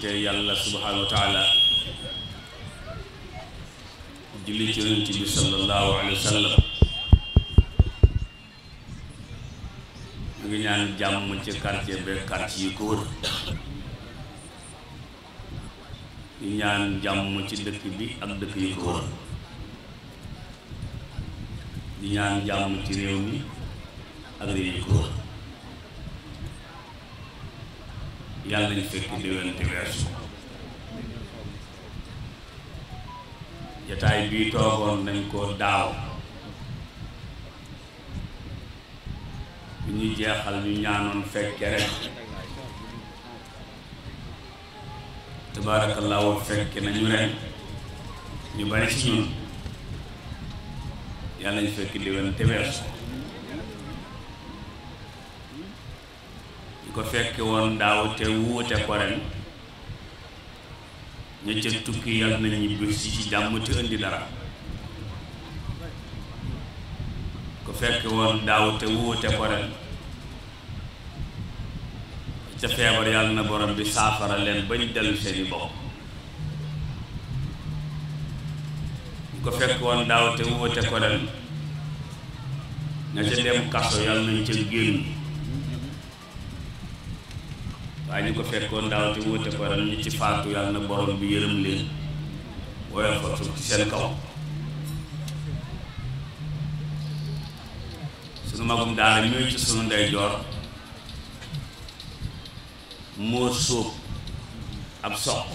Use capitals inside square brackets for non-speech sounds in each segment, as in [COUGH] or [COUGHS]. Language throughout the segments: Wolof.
sante yàlla subhaanahu wa taala julli ci yonent bi sallallahu alayhi wa ngi ñaan jàmm ci quartier ba quartier yu ko wër di ñaan jàmm ci dëkk bi ak dëkk yu ko wër ñaan jàmm ci réew mi ak réew yu ko yàlla nañu fekk déwén te jataay bii toogoon nañ ko daaw bu ñuy jeexal ñu ñaanoon fekke rek tabaarakallaahu fekke nañu ren ñu bari ci ñun yàlla nañu fekk déwén te ñu ko fekke woon daaw te wuute ko ren ña ca tukki yàlla na ñibbi si ci jàmm te indi dara ko fekke woon daaw te wuute ko ren ca feebar yàlla na borom bi saafara leen ba bañ dellu seeni bopp ñu ko fekk woon daaw te wuute ko ren ca dem kaso yàlla nañ ca génn waaye ñu ko fekkoon daaw te wóote ko ren ñi ci faatu yàlla na borom bi yërëm leen woyofal suuf seen kaw sunu magum daara ñooy ci sunu ndeyjoor moo sóob ab soq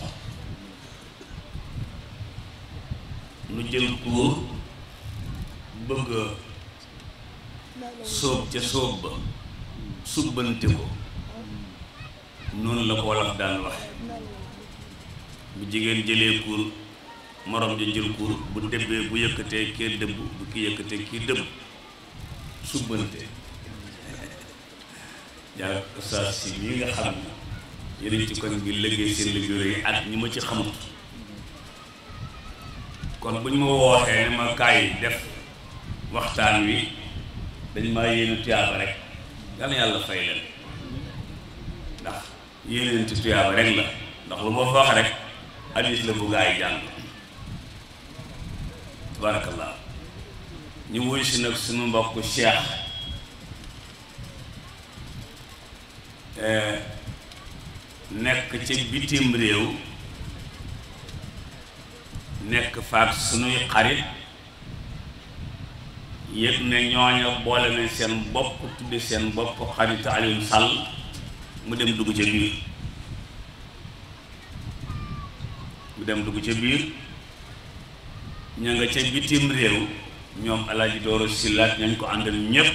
mu jël góor bëgg sóob ca sóob ba subbante ko noonu la ko wolof daan wax bu jigéen jëlee kuur moroom ja jël kuur bu debee bu yëkkatee kee dëbb bu ki yëkkatee kii dëbb subbante jàll ustaas si ñi nga xam ne yéen ci kon bi liggéey seen liggéey yi at ñi ma ci xamut kon bu ñu ma wooxee ne ma kaay def waxtaan wi dañ maa yéenu tiyaaba rek yàlla yàlla fay leen yéeneen ci tuyaaba rek la ndax lu ma fa rek hadiis la bu gaa yi jàng tabarakallah ñu wuy si nag suñu mbokk cheikh eh, nekk ci bitim réew nekk faak suñuy xarit yëg ne ñooña boole nañ seen bopp tudde seen bopp xaritu Alioune Sall mu dem dugg ca biir mu dem dugg ca biir ña nga ca bitim réew ñoom alaaji dooro sillaat ñañ ko àndal ñépp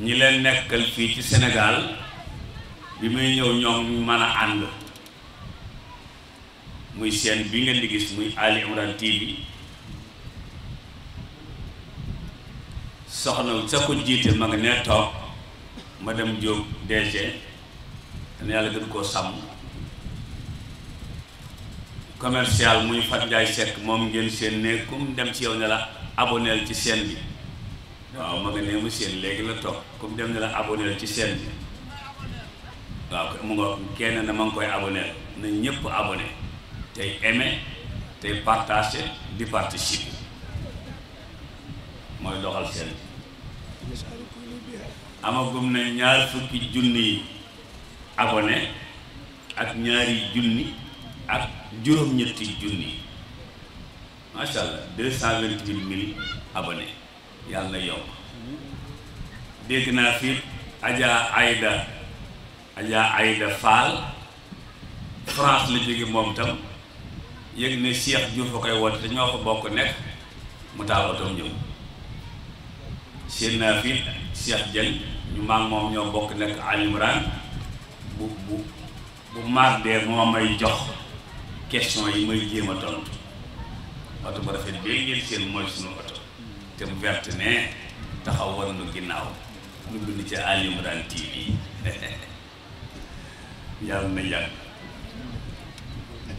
ñi leen nekkal fii ci senegaal bi muy ñëw ñoom ñu mën a ànd muy seen bi ngeen di gis muy Ali Imran TV soxna sa ko jiite ma ne toog madame Diop DG dana yàlla gën koo sàmm commercial muy Fat Ndiaye moom ngeen seen ne comme dem ci yow ne la aboneel ci seen bi waaw ma nga ne mu seen léegi la toog comme dem ne aboneel ci seen bi waaw mu nga kenn na ma ngi koy aboneel na ñëpp aboné tey aimé tey partagé di mooy doxal seen bi amagum na ñaar fukki junni abone ak ñaari junni ak juróom-ñetti junni macha allah deux cent vingt mille abonné yàlla na yokk dégg naa fi Adja Aïda Adja Aïda Fall France la jóge moom tam yëg ne Cheikh Diouf a koy woote te ñoo ko bokk nekk mu taal otoom ñëw seen naafit Cheikh Dieng ñu maag moom ñoo bokk nekk alimran bu bu bu maag dee moo may jox question yi may jéem a tontu oto bu rafet bee ngeen seen mooy suñu oto te mu verte ne taxaw war nu ginnaaw ñu bind ci alimran TV [LAUGHS] yàlla na yàgg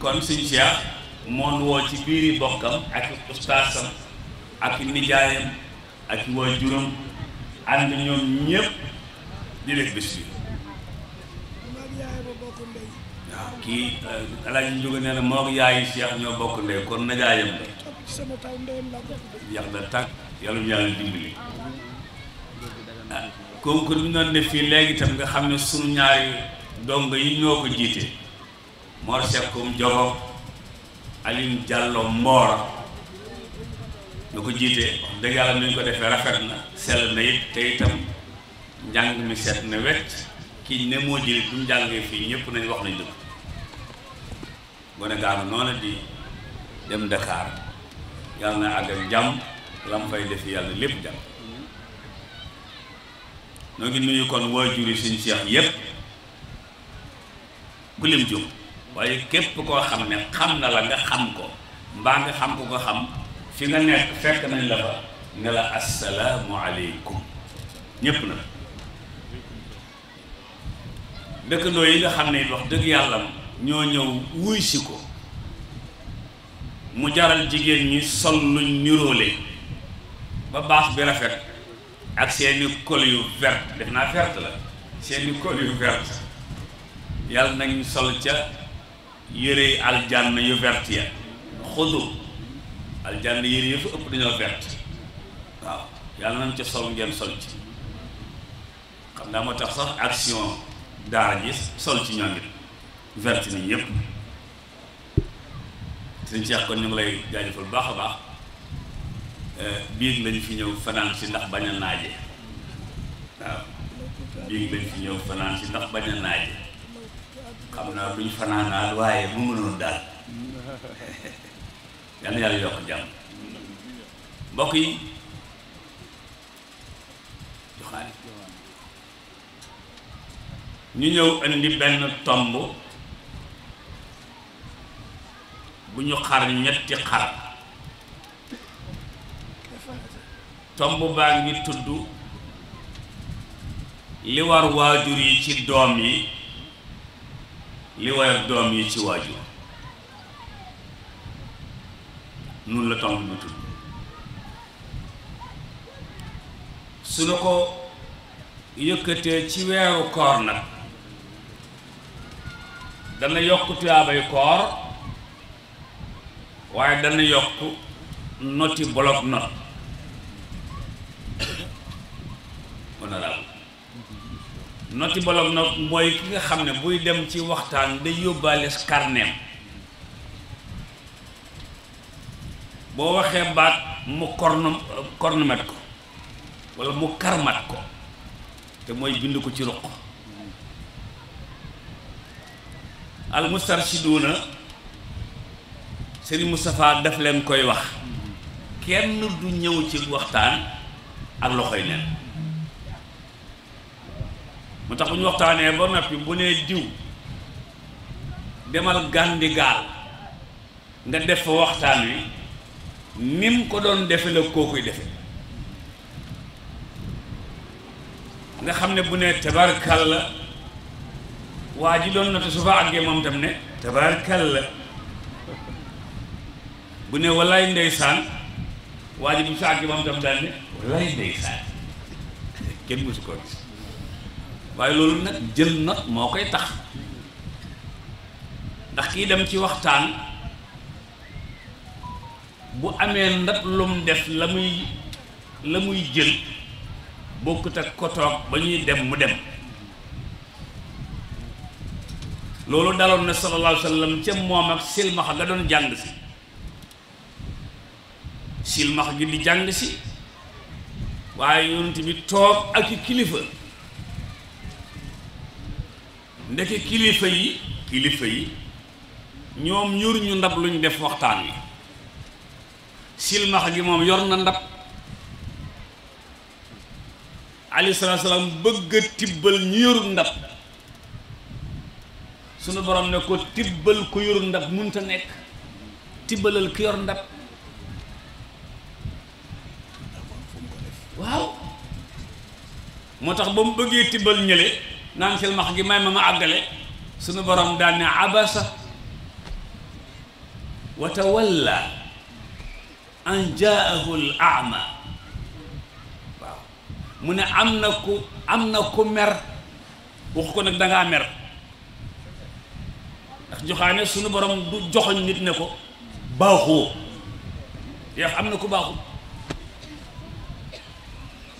kon suñu Cheikh moon woo ci biiri bokkam ak ustaasam ak nijaayam ak waajuram ànd ñoom ñëpp di def bi waaw kii euh, alaaji njóge nee na moo yaayi Cheikh ñoo bokk ndey kon najaayam la yax na tàkk yàlla ñu yàlla dimbali ah kooku ko ñu doon fii léegi itam nga xam ne sunu ñaari dong yi ñoo ko jiite Mor Seck Koum Jogo Aline Diallo lu ko jiitee dëgg yàlla ni ñu ko defee rafet na sell na it te itam njàng mi set na wet ki ne moo jëli bu ñu fii ñëpp nañ wax nañ dëgg gone gaanu noonu di dem Dakar yàlla na àgg ak jàmm def yàlla lépp jàmm noo ngi nuyu kon waajur yi suñu seex yépp ku lim jum waaye képp koo xam ne xam na la nga xam ko mbaa nga xam ko ko xam fi nga nekk fekk nañ la fa ne la asalaamualeykum ñépp na dëkkandoo yi nga xam ne it wax dëgg yàlla ñoo ñëw wuy ko mu jaral jigéen ñi sol luñ niroole ba baax bi rafet ak seeni col yu vert def naa vert la seeni col yu vert yàlla ñu sol ca yére aljanna yu vert ya xudu aljanna yére yëpp ëpp dañoo vert waaw yàlla nañ ca sol ngeen sol ci xam naa moo tax sax action daara ji sol ci ñoom it vert nañ ñëpp suñ seex kon ñu ngi lay jaajëfal baax a baax eh, biig lañ fi ñëw fanaan si ndax bañ a naaje waaw biig lañ fi ñëw fanaan si ndax bañ a naaje xam naa duñ fanaanaal waaye mu mënoon daal [LAUGHS] yal na yokk jàmm mbokk yi ñu ñëw indi benn tomb bu ñu xar ñetti xar tomb baa ngi tudd li war waajur yi ci doom yi li war doom yi ci waajur noonu la temps bi tudd su nu ko yëkkatee ci weeru koor nag dana yokk tuyaabay koor waaye dana yokk noti bloc note honorable noti bloc note mooy ki nga xam ne buy dem ci waxtaan day yóbbaale carnet boo waxee baat mu kornu kornumet ko walla mu karmat ko te mooy bind ko ci ruq al mustarshiduuna Serigne Moustapha daf leen koy wax kenn du ñëw ci waxtaan ak loxoy neen mu tax bu ñu waxtaanee ba noppi bu nee diw demal gàndi gaal nga def fa waxtaan wi ni mu ko doon defe la koo koy defe nga xam ne bu ne tabarkalla waa ji doon na te su fa àggee moom tam ne tabarkalla bu ne wallaay ndeysaan waa ji bu sa àggee moom tam daal ne wallaay ndeysaan kenn mësu koo gis waaye loolu nag jël not moo koy tax ndax kii dem ci waxtaan bu amee ndab lum def la muy la muy jël bokkut ak kotoog ba ñuy dem mu dem loolu daloon na sallallahu alayhi wa sallam ca moom ak silmax ga doon jàng si silmax gi di jàng si waaye yonent bi toog ak kilifa ndeke kilifa yi kilifa yi ñoom ñur ñu ndab luñ def waxtaan wi silmaxa gi moom yor na ndab aleyhi salaatu salaam bëgg tibbal ñu yorul ndab sunu borom ne ko tibbal ku yorul ndab munta nekk tibbalal ku yor ndab waaw moo tax ba mu bëggee tibbal ñële naan silmax gi may ma ma àggale sunu borom daal ne abasa wa an jaahu ne am na ku am na ku mer wax ko nag dangaa mer ndax joxaane suñu borom du joxoñ nit ne ko baaxoo yax am na ku baaxu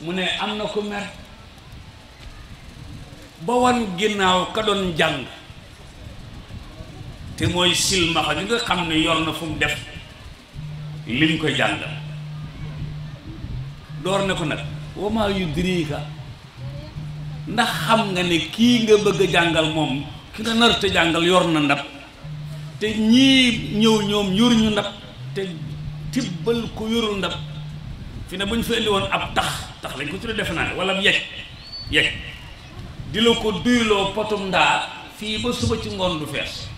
mu ne am na ku mer ba wan ginnaaw ka doon jàng te mooy silmaxa gi nga xam ne yor na fu mu def li koy jàngal door ne ko nag wama yu diriika ndax xam nga ne kii nga bëgg a jàngal moom ki nga nar te jàngal yor na ndab te ñii ñëw ñoom yoruñu ndab te tibbal ko yorul ndab fii ne bañ ñu fa indi woon ab tax tax lañ ko tuddee defe naa ne wala ab yegg yegg di la ko duyloo potum ndaa fii ba suba ci ngoon du fees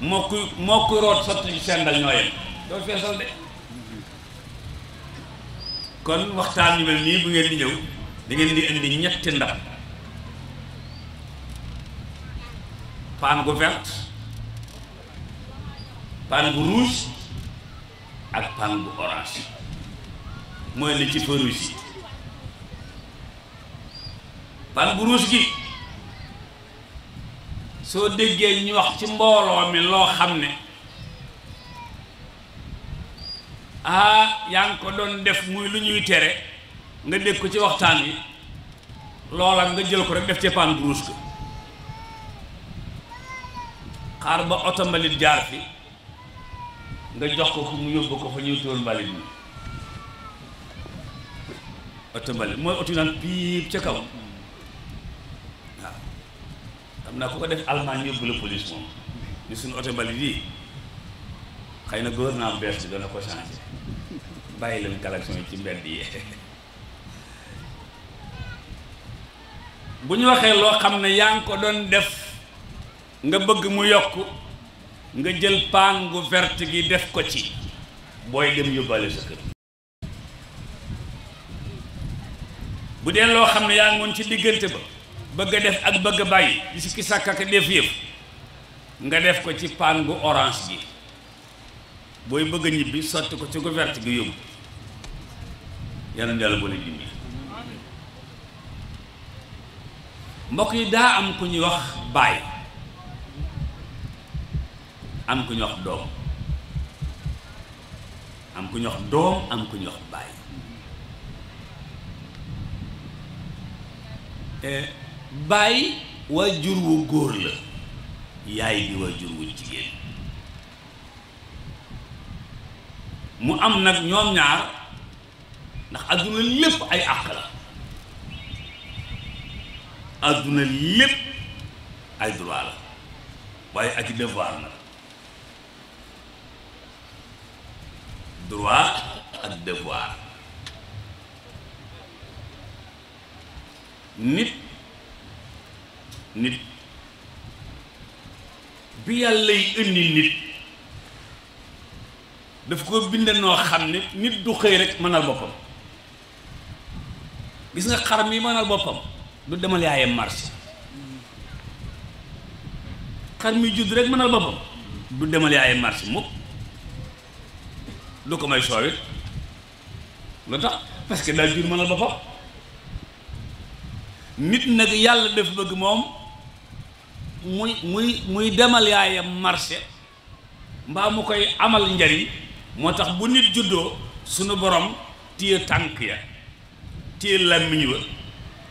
moo kuy moo kuy root sotti sendal ñoo yem doo feesal de kon waxtaan yu mel nii bu ngeen di ñëw da di indi ñetti ndab paan gu vert paan gu ruus ak paan gu orange mooy li ci feu rouge paan gu rouge gi soo déggee ñu wax ci mbooloo mi loo xam ne ah yaa ngi ko doon def muy lu ñuy tere nga dégg ko ci waxtaan wi loola nga jël ko rek def ci paan brouche ko xaar ba oto mbalit jaar fi nga jox ko ko mu yóbbu ko fa ñuy tóor mbalit mi oto mbalit mooy oto yu ca kaw naa ku ko def almaañ yóbbu la moom ni suñu oto mbalit yi xëy na gouvernement bees bi dana ko changé bàyyi leen collection yi ci mbedd yi bu ñu waxee loo xam ne yaa ngi ko doon def nga bëgg mu yokk nga jël paan gu vert gi def ko ci booy dem yóbbaale sa kër bu dee loo xam ne yaa ngi ci diggante ba bëgg def ak bëgg a bàyyi di si ki sàkk ak def yëf nga def ko ci paan gu orange yi booy bëgg a ñibbi sotti ko ci couvert gi yóbbu yàlla na yàlla boole dimbali mbokk yi daa am ku ñuy wax baay am ku ñuy wax doom am ku ñuy wax doom am ku ñuy wax baay eh, baay waajur wu góor la yaay bi waajur wu jigéen mu am nag ñoom ñaar ndax adduna lépp ay àq la adduna lépp ay droit la waaye ak i devoir nag droit ak devoir nit nit bi yàlla lay indi nit daf ko bind noo xam ne nit du xëy rek mën mënal boppam gis nga xar mi mënal boppam du demal yaayam marché xar mi judd rek mënal boppam du demal yaayam marché mukk du ko may soowit lu tax parce que daal jur mënal boppam nit nag yàlla def bëgg moom muy muy muy demal yaayam marché mbaa mu koy amal njariñ moo tax bu nit juddoo sunu borom téye tànk ya téye làmmiñ wa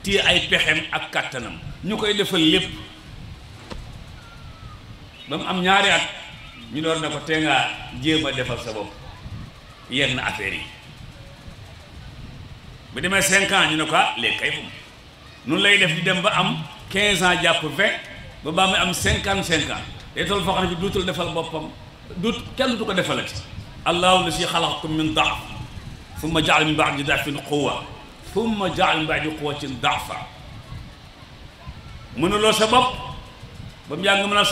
téye ay pexem ak kàttanam ñu koy defal lépp ba mu am ñaari at ñu doon ne ko te ngaa jéem a defal sa bopp yenn affaire yi bu demee cinq ñu ne ko ah, léegi kay fu noonu lay def di dem ba am quinze ans jàpp vingt ba baa muy am cinquante cinq ans day toll foo xam ne bi duutul defal boppam duut kenn du ko defalati allahu la si xalaqakum min daaf summa jaala min baadi daafin quwa summa jaala min baadi quwatin daafa mënaloo sa bopp ba mu yàgg mënal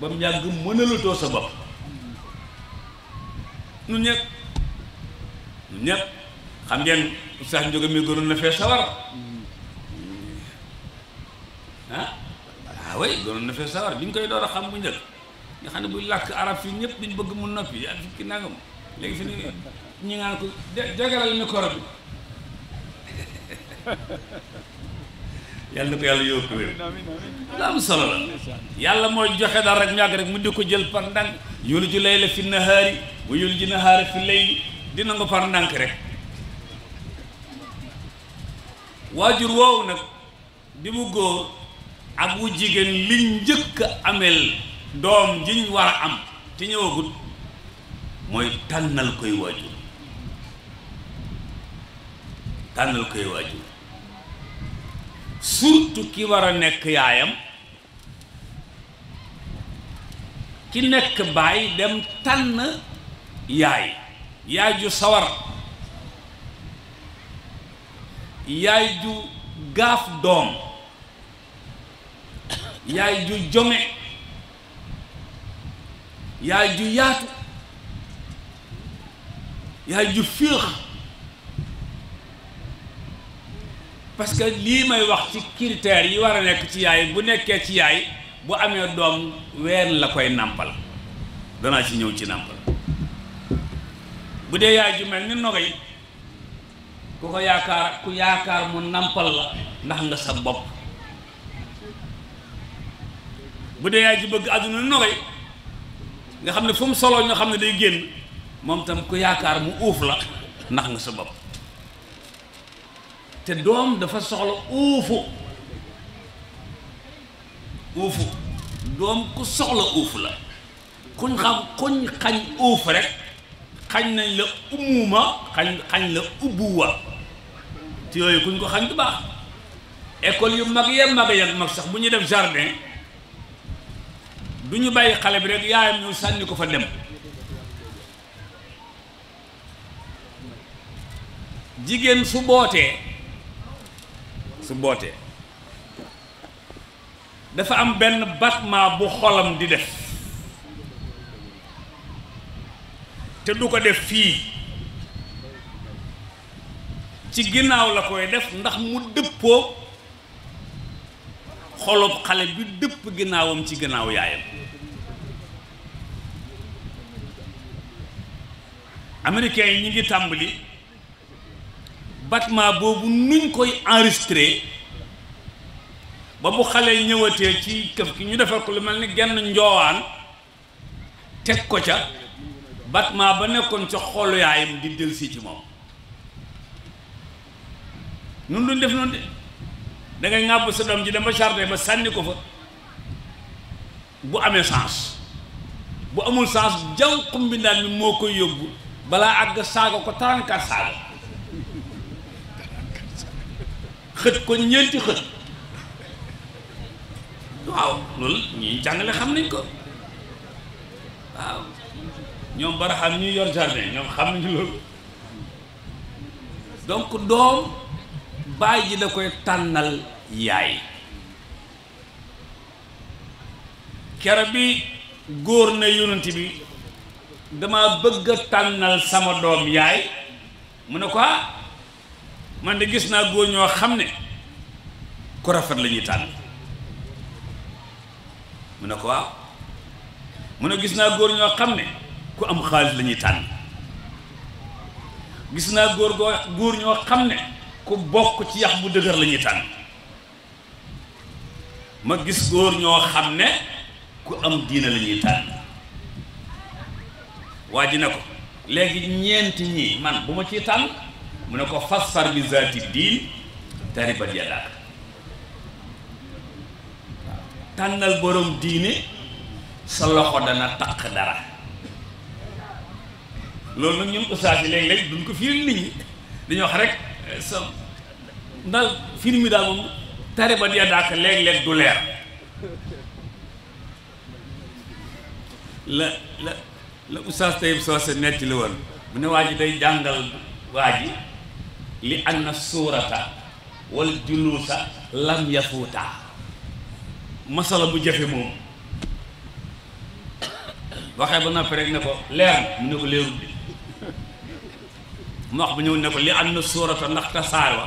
ba mu yàgg mënalatoo sa bopp ñun ñëpp ñun xam ngeen ustaas njóge mi gënoon na fee sawar ah waaw ah gënoon na fee sawar bi ñu koy door a xam bu njëkk nga xam ne buy làkk arab fii ñëpp duñ bëgg mu noppi ak ki nangam léegi ñu ñu naan ko jagalal micro bi [LAUGHS] yàlla na ko yàlla yow ko wér lu am solo la yàlla mooy joxe daal rek mu yàgg rek mu di ko jël par ndànk yulu ji layla fi nahaari wa yulu ji nahaari fi layli dina nga par ndànk rek waajur woowu nag di mu góor ak wu jigéen li njëkk amel doom ji war a am te ñëwagut mooy tànnal koy waajur tànnal koy waajur surtout ki war a nekk yaayam ki nekk baay dem tànn yaay yaay ju sawar yaay ju gaaf doom yaay ju jome yaay ju yaatu yaay ju féex parce que lii may wax ci critères yi war a nekk ci yaay bu nekkee ci yaay bu amee doom ween la koy nàmpal danaa ci ñëw ci nàmpal bu dee yaay ju mel ni nogay ku ko yaakaar ku yaakaar mu nàmpal la ndax nga sa bopp bu dee yaay ju bëgg àdduna nogay nga xam ne fu mu solo ñoo xam ne day génn moom tam ku yaakaar mu uuf la ndax nga sa bopp te doom dafa soxla uufu uufu doom ku soxla uuf la kuñ xam kuñ xañ uuf rek xañ nañ la umuma xañ xañ la ubbuwa te yooyu kuñ ko xañ du baax école yu mag ya mag ya mag sax bu ñuy def jardin du ñu bàyyi xale bi rek yaayam ñu sànni ko fa dem jigéen su bootee su bootee dafa am benn battement bu xolam di def te du ko def fii ci ginnaaw la koy def ndax mu dëppoo xolob xale bi dëpp ginnaawam ci gannaaw yaayam americain yi ñu ngi tàmbali battement boobu nuñ koy enregistré ba bu xale ñëwatee ci këf ki ñu defar ko lu mel ni genn njoowaan teg ko ca battement ba nekkoon ca xolu yaayam di dellusi ci moom nun duñ def noonu da ngay ŋàbb sa doom ji dem ba jardin ba sànni ko fa bu amee sens bu amul sens jànq mbindaan mi moo koy yóbbu balaa àgg saaga ko tarankat saaga xët ko ñeenti xët waaw loolu ñuy jàngale xam nañ ko waaw ñoom baraxam ñuy yor jardin ñoom xam nañu loolu donc doom baay ji la koy tànnal yaay kero bi góor na yonent bi dama bëgga a tànnal sama doom yaay mu ne ko ah, man de gis naa góor ñoo xam ne ku rafet la ñuy tànn mu ne ko ah, mu ne gis naa góor ñoo xam ne ku am xaalis la ñuy naa góor ñoo xam ne ku bokk ci yax bu dëgër lañuy ñuy tànn ma gis góor ñoo xam ne ku am diina la tànn waa ji ne ko léegi ñeenti ñii man bu ma ci tànn mu ne ko fasfar bi zaati diin taribat yadaak waaw tànnal boroom diine sa loxo dana taq dara loolu nag ñun ustaas yi léeg-léeg duñ ko fiir nit ñi dañoo wax rek eh, sa ndax film yi daal moom tari ba dee dàkk léeg-léeg du leer la la la oustaz Taïb Socé netti li woon mu ne waa ji day jàngal waa ji li anna suurata wal juluusa lam yafuuta masala bu jëfe moom waxee ba noppi rek ne ko leer mu ne ko leerul bi mu wax bu ñëw ne ko li anna suurata ndax tasaar wa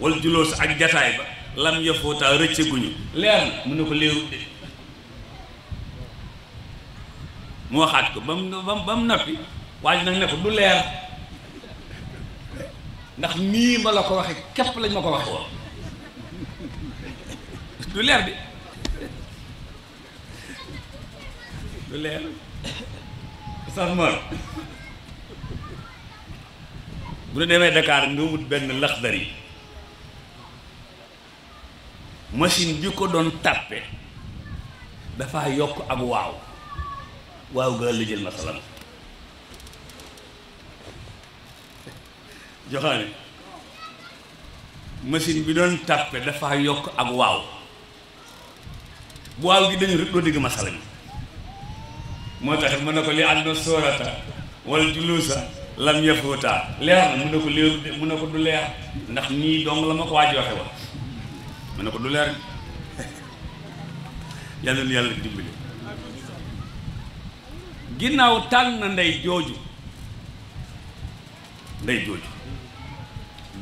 wal juloo sa ak jataay ba lam yafootaa rëcceguñu leer na mu ne ko léerut mu waxaat ko ba mu ba mu noppi nag ne ko du leer ndax nii ba la ko waxee képp lañ ma ko waxe du leer bi du leer sax mor bu nu demee Dakar nga wut benn laxdar yi machine bi ko doon tàppe dafa yokk ak waaw waaw ga la jël masalan joxaane machine bi doon tàppe dafa yokk ak waaw bu waaw gi dañu doo dégg masala bi moo tax mën na ko li àdduna soorata wal juluusa lam yafuuta leer na mun na ko leer mun na ko du leer ndax nii dong la ma ko waaj waxe wa ma ne ko du leer yàlla [LAUGHS] na yàlla dimbali ginnaaw tànn ndey jooju ndey jooju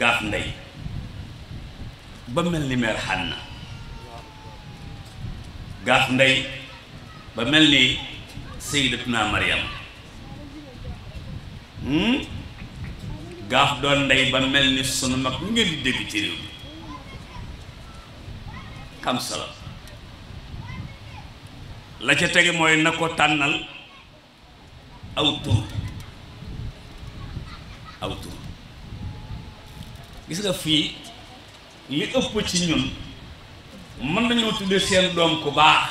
gaaf ndey ba mel ni meer xànna gaaf ndey ba mel ni sayyidatuna Maryam hmm? gaaf doon ndey ba mel ni sunu mag ngeen di dégg ci réew xamsa la la ca tege mooy na ko tànnal aw tur aw tur gis nga fii li ëpp ci ñun mën nañoo tudde seen doom ku baax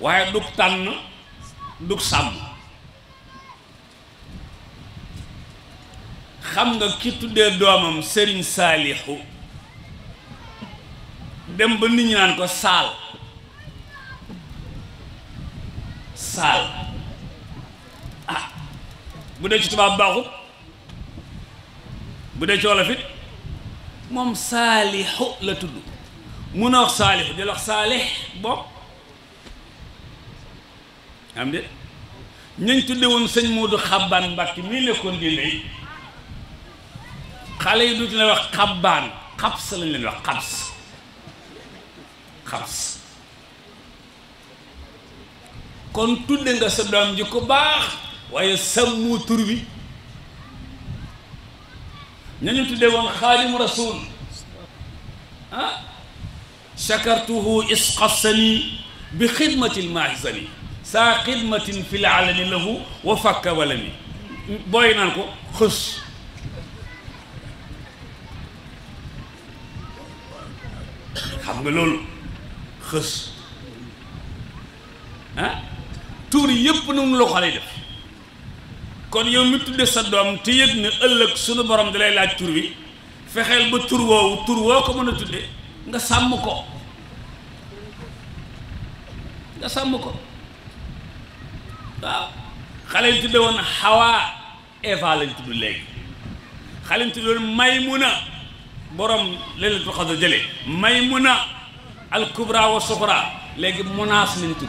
waaye dug tànn dug sàmm xam nga ki tuddee doomam sëriñ saalixu dem ba nit ñi naan ko saal saal ah bu dee ci tubaab baaxut bu dee ci wolof it moom saalixu la tudd mun a wax saalixu di wax saalix bopp am de ñañ tudde woon sëñ Moodu xabbaan Mbàkke mii nekkoon di xale yi duuti na wax xabbaan xabs lañ leen wax xabs xams kon nga sa doom ji baax waaye sàmmu tur bi ñañu tudde woon xaadim rasul ah shakartuhu isqasani bi xidmati lmahisani saa xidmatin fi laalami lahu wa fakka wala mi booy naan ko xës ah tuur yëpp nunu la xale def kon yow mi tudde sa doom te yëg ne ëllëg sunu borom dalay laaj tur wi fexeel ba tur woowu tur woo ko mën a tudde nga sàmm ko nga sàmm ko waaw xale yi tudde woon xawaa Eva lañ tudd léegi xale yi tudde woon Maymuna borom leen la tu xadar jële Maymuna al kubra wa suxra léegi menace lañ tudd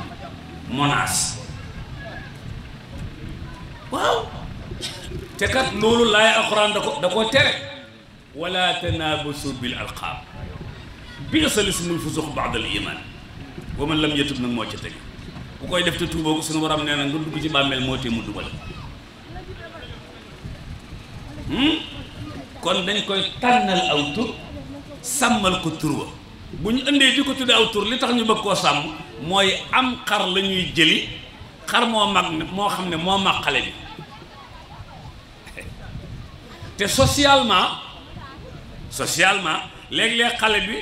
waaw te kat loolu laay alxuraan da ko da koo tere wala tanaabasu bil alqaab bi'sa lismul fusuq ba'da al iman wa man lam yatub nag moo ci teg ku koy def te tuuboo ko suñu waram nee na nga dugg ci bàmmeel moo tee mu dugal hmm? kon dañ koy tànnal aw tur sàmmal ko tur wa bu ñu indee di ko aw tur li tax ñu bëgg koo sàmm mooy am xar la ñuy jëli xar moo mag moo xam ne moo mag xale bi te socialement socialement léeg xale bi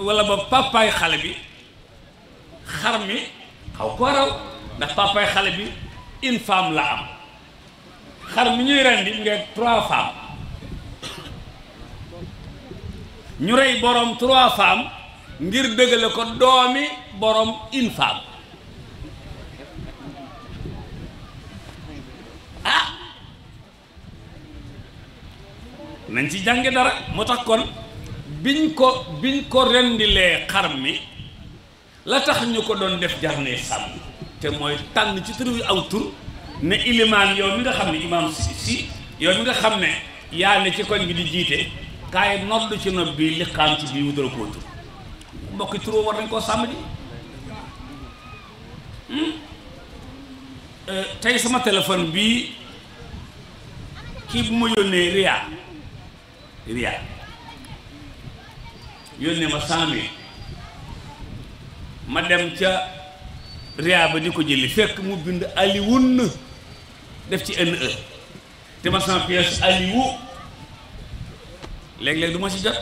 walla ba papaay xale bi xar mi xaw ko raw ndax papaay xale bi une femme la am xar mi ñuy rendi nga trois femmes ñu rey borom trois femmes ngir bëggale ko doomi boroom une femme ah nañ ci jànge dara moo tax kon biñ ko biñ ko rendilee xar mi la tax ñu ko doon def jar ne sàmm te mooy tànn ci turu aw tur ne ilimaan yow mi nga xam ne imaam si si mi nga xam ne yaa ne ci koñ bi di jiite kaay yi nodd ci nodd bi liqaam ci bii wutale koo tur mbokki turoo nañ koo sàmm di hmm? euh, tey sama téléphone bi kii bu ma yónnee Ria Ria yónnee ma cent ma dem ca Ria ba di ko jëli fekk mu bind Alioune def ci NE te ma sama pièce Aliou léeg-léeg du ma ci jot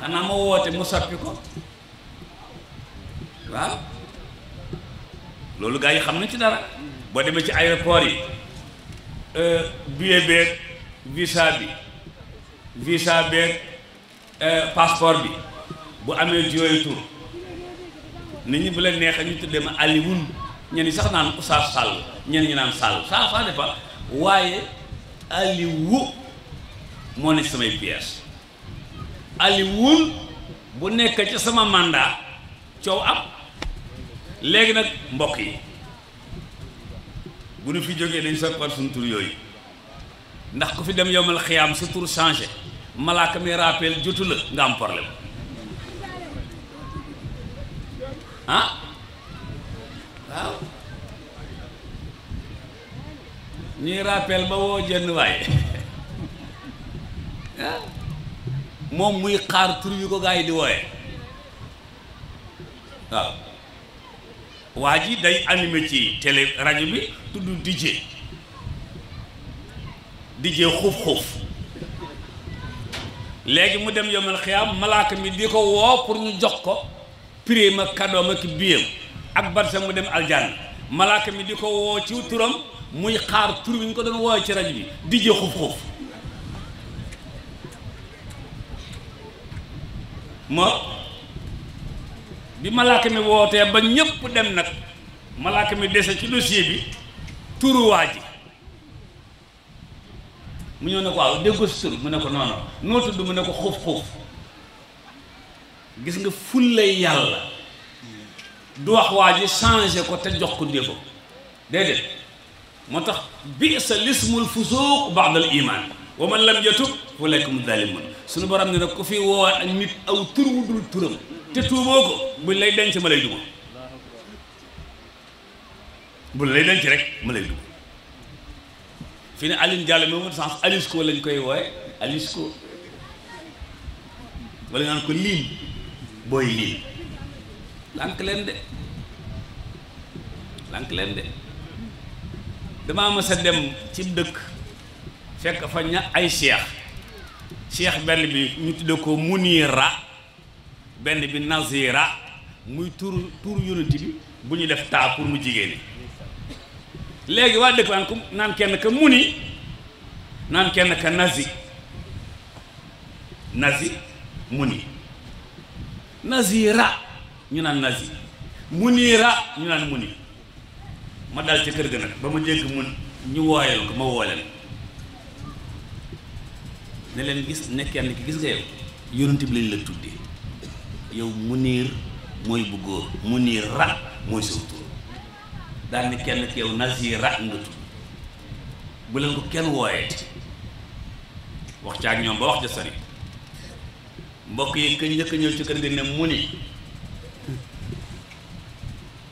xanaa ma woote mu soppi ko waaw loolu gaa yi xam nañ ci dara boo demee ci aéroport yi euh, billet beeg visa bi visa beeg euh, passeport bi bu amee yooyu tur nit ñi bu neex a ñu tuddee ma Alioune ñenn ñi sax naan Oustaz Sall ñenn ñi naan Sall ça ça dépend waaye Aliou. moo ne ci samay pièces Alioune bu nekk ca sama mandat coow am léegi nag mbokk yi bu nu fi jógee dañ soppat suñu tur yooyu ndax ku fi dem yomal xiyaam sa tur changé malaaka mi rappel jotu la nga am problème ah waaw ñuy rappel ba woo jenn waaye [LAUGHS] moom muy xaar tur yu ko gaa yi di wooyee waaw waa ji day animé ci télé rajo bi tudd DJ DJ xuuf-xuuf léegi mu dem yomal xiyaam malaaka mi di ko woo pour ñu jox ko prix ma cadeau ma ki biyam ak barsa mu dem aljanna malaaka mi di ko woo ci turam muy xaar tur bi ñu ko doon wooyee ci rajo bi DJ xuuf-xuuf ma bi malaaka wootee ba ñëpp dem nag malaaka mi dese ci dossier bi turuwaa ji mu ñëw ne ko waaw déggoo si mu ne ko noonu noo tudd mu ne ko xuuf xuuf gis nga fullay yàlla du wax waa ji changé ko te jox ko déggoo déedéet moo tax bi sa lismul fusuuq ba'dal iman wa man lam yatub fa ulaa'ika humu zaalimuun suñu borom ne nag ku fi woowaat ak nit aw tur wu turam te tuuboo ko buñ lay denc ma lay duma buñ lay denc rek ma lay duma fi ne Alioune Diallo moom sens Alisco lañ koy wooye Alisco wala nga naan ko liin booy liin lànk leen de lànk leen de damaa mas a dem ci dëkk fekk fa ña ay cheikh cheikh benn bi ñu tudde ko munira benn bi nazira muy tur tur di bi bu ñu def taa pour mu jigéen léegi waa dëkk naan ko naan kenn ka muni naan kenn ka nazi nazi muni nazira ñu naan nazi munira ñu naan muni ma dal ci kër ga nag ba mu jégg mun ñu wooyal ko ma wooyal ne leen gis ne kenn ki gis nga yow yonent bi la tuddee yow mu niir mooy bu góor mu niir ra mooy sa tur daal ne kenn ki yow nazira nga tudd bu leen ko kenn wooyeeti wax ca ñoom ba wax ja sori mbokk yi kañ njëkk ñëw ci kër gi ne mu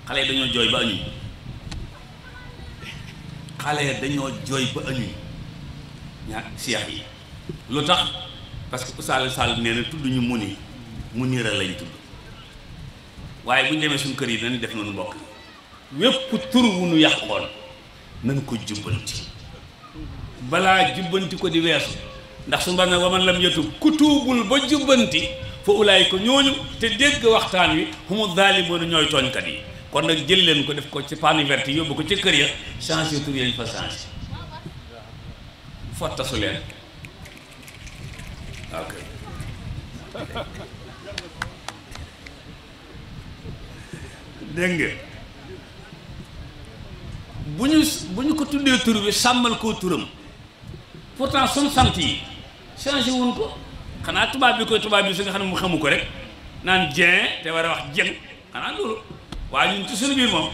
xale yi dañoo jooy ba añuñ xale yi dañoo jooy ba añuñ ñaar seex yi lu tax parce que Oustaz Sall nee na tudd ñu mu ni mu niira lañ tudd waaye bu ñu demee suñu kër yi dañuy def noonu mbokk yi wépp tur wu nu yàqoon nañ ko jubbanti balaa jubbanti ko di weesu ndax su mbar ne waman lam yatub ku tuubul ba jubbanti fa ulaay ko ñooñu te dégg waxtaan wi humu zaalimoon ñooy tooñkat yi kon nag jël leen ko def ko ci panne verte yóbbu ko ca kër ya changé tur yañ fa changé fottasu leen ok dégg nga bu ñu bu ñu ko tuddee tur bi sàmmal koo turam pourtant suñ sant yi changé wuñ ko xanaa tubaab bi koy tubaab bi su nga xam ne mu xamu ko rek naan Dieng te war a wax Dieng xanaa loolu waaye ñun ci suñu biir moom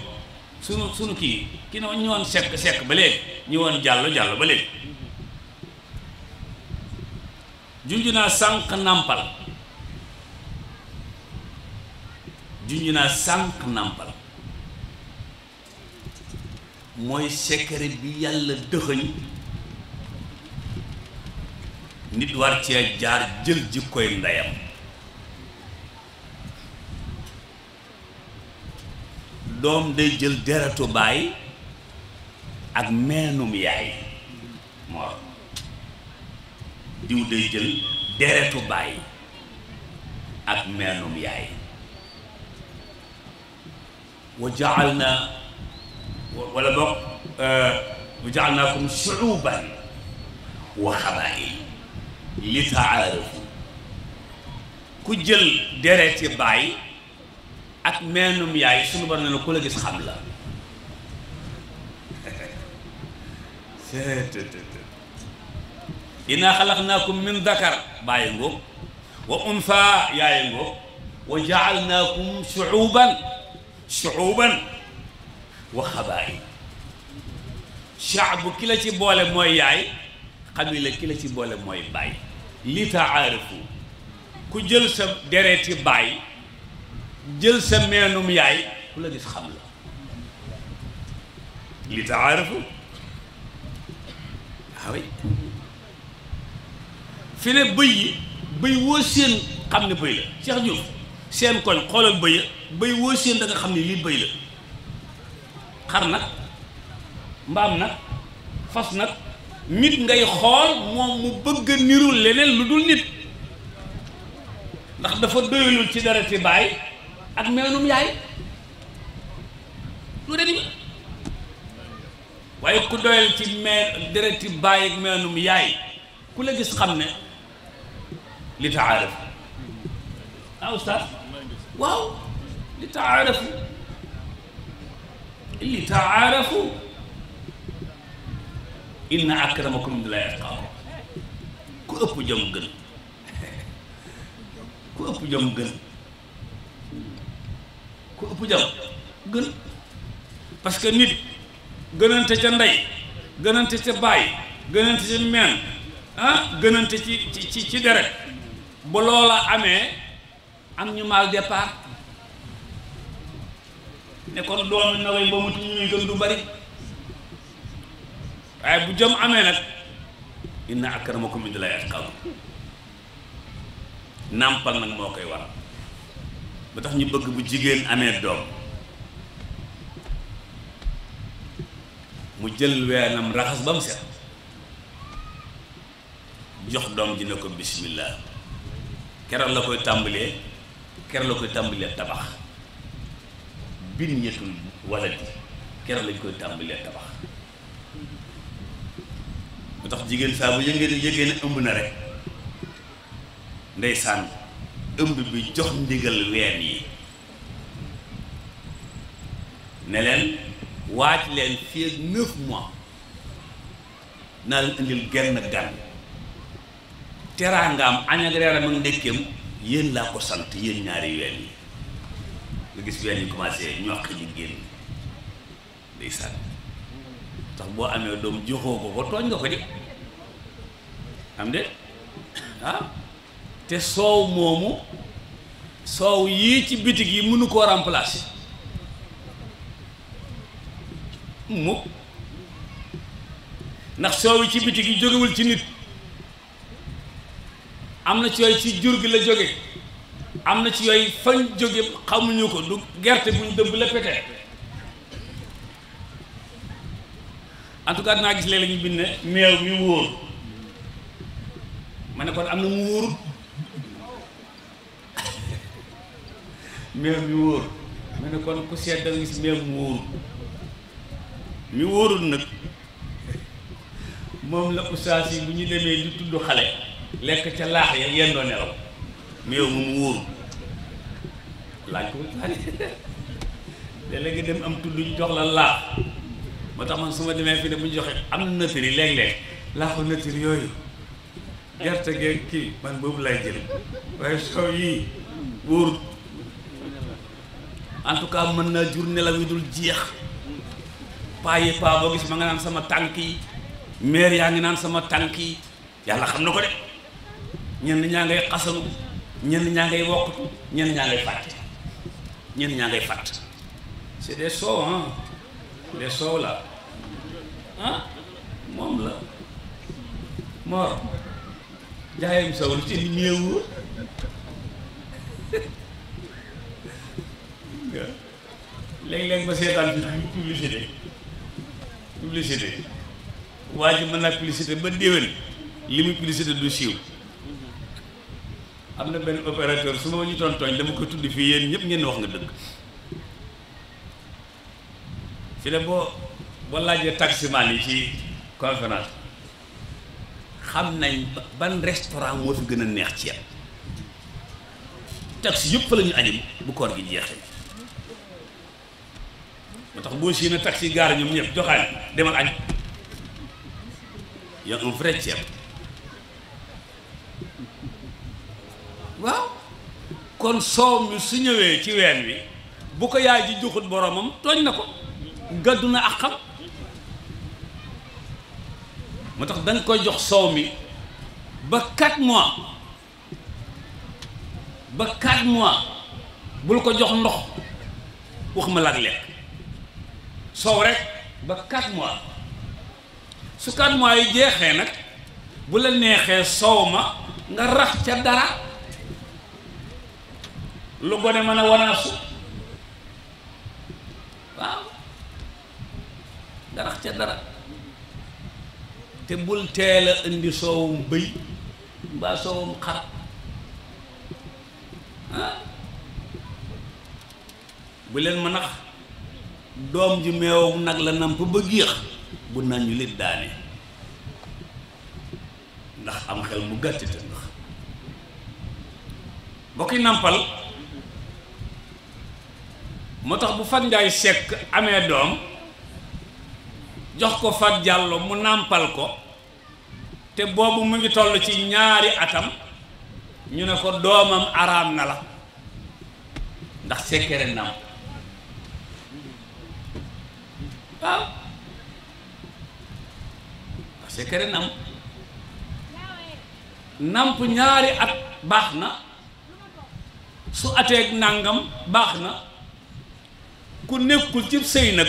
sunu sunu kii kii na ñëwoon woon sekk sekk ba léegi ñu woon jàllo ba léegi junj naa sànq nàmpal junj naa sànq nàmpal mooy secret bi yàlla dëxëñ nit war cee jaar jël jikkoy ndeyam doom day jël deretu baay ak meenum yaay diw day jël deretu bàyyi ak meenum yaay wa jaal na wala bokk euh, wa jaal naakum shuuban wa li taarafu ku jël dereti bàyyi ak meenum yaay suñu bar ne na ku la gis xam la [LAUGHS] inaa xalaqnaakum min dakar bàyyi ngoog wa unsa yaaye ngoog wa jaalnaakum shuuban shuuban wa xabaa'il shaabu ki la ci boole mooy yaay xabila ki la ci boole mooy baay li taarafu ku jël sa dereeti baay jël sa meenum yaay ku la gis xam la li taarafu waaw fi ne bëy yi bëy woo seen xam ne bëy la Cheikh Diouf seen koñ xoolal bëy ya bëy woo seen danga xam ne lii bëy la xar nag mbaam nag fas nag nit ngay xool moom mu bëgg a niru leneen lu dul nit ndax dafa doyalul ci dara ci baay ak meenum yaay lu de waaye ku doyal ci mee dereti baay ak meenum yaay ku la gis xam ne li taaruf ah oustaz waaw li taaruf li taaruf inna akramakum indallahi ku ëpp jom gën ku ëpp jom gën ku ëpp jom gën parce que nit gënante ca ndey gënante ca baay gënante ca meen ah, gënante ci deret bu loola amee am ñu mal départ ne kon doom na way ba mu ñuy gën du bari waaye bu jëm amee nag inna akramakum indallahi atqakum nàmpal nag moo koy wax ba tax ñu bëgg bu jigéen amee doom mu jël weenam raxas ba mu set jox doom ji ne ko bismillah keroog la koy tàmbalee keroog la koy tàmbalee tabax binyatul walad keroog lañ koy tàmbalee tabax moo tax jigéen saa bu yëngee yëgee ne ëmb na rek ndeysaan ëmb bi jox ndigal ween yi ne leen waaj leen fii ak neuf mois naa leen indil genn gan teraangaam añ ak reeram ak ndékkeem yéen laa ko sant yéen ñaari ween yi nga gis ween yi commencé ñoq ji génn ndeysaan tax boo amee doom joxoo ko ko tooñ nga ko di am de [COUGHS] ah? te soow moomu soow yii ci bitik yi mënu koo remplacer mukk ndax soow yi ci bitik yi jógewul ci nit am na ci yooyu ci jur gi la jóge am na ci yooyu fañ jóge xamuñu ko du gerte buñ dëbb la pete en tout cas dinaa gis léeg-léeg ñu bind meew mi wóor ma kon am na mu wóorut meew mi wóor ma ne kon ku seet da nga gis meew mu wóorut mi wóorut nag moom la ustaas yi bu ñu demee di tudd xale lekk ca laax ya yendoo nelaw mais yow moom wóoru laaj ko léeg-léeg nga dem am tudd ñu jox la laax moo tax man su ma demee fii ne bu ñu joxe am na nature yi léeg-léeg laaxu nature yooyu gerte geeg kii man boobu lay jël waaye soow yii wóorut en tout cas mën naa jur nelaw yi dul jeex paa yi paa boo gis ma nga naan sama tànk yi maire yaa ngi naan sama tànk yi yàlla xam na ko de ñenn ñaa ngay xasalu ñenn ñaa ngay wokkatu ñenn ñaa ngay fàtte ñenn ñaa ngay fàtt c'est des soow ah des soow la ah moom la moor jaayam soow lu ci ni ñëwu léeg-léeg ma seetaan bi publicité publicité waa ji mën naa publicité ba déwén li muy publicité du siiw am na benn opérateur su ma ñu doon tooñ dama ko tudd fii yéen ñëpp ngeen wax nga dëgg fi ne boo boo laajee taximan yi ci conférence xam nañ ban restaurant moo fi gën a neex ci yàlla taxi yëpp fa la ñu bu koor gi jeexee moo tax boo sii na taxi gaar ñoom ñëpp joxaat demal añ y a ceeb waaw kon soow mi su ñëwee ci ween wi bu ko yaay ji joxut boromam tooñ na ko gàddu na ak xam moo tax danga koy jox soow mi ba 4 mois ba 4 mois bul ko jox ndox wax ma laaj lekk soow rek ba 4 mois su 4 mois yi jeexee nag bu la neexee soow ma nga rax ca dara lu gone mën a wanaasu waaw darax ca dara te bul teel a indi soowum bëy mbaa soowum xar ah bu leen ma nax doom ji meewam nag la namp ba géex bu naan ñu lit daane ndax am xel mu gàttite ndax mbokki nampal moo tax bu Fat Njaay Sekk amee doom jox ko Fat Jàllo mu nàmpal ko te boobu mu ngi toll ci ñaari atam ñu ne ko doomam araam na la ndax sekkere nàmp waaw nàmp ñaari at baax na su atee nàngam baax na ku nekkul ci sëy nag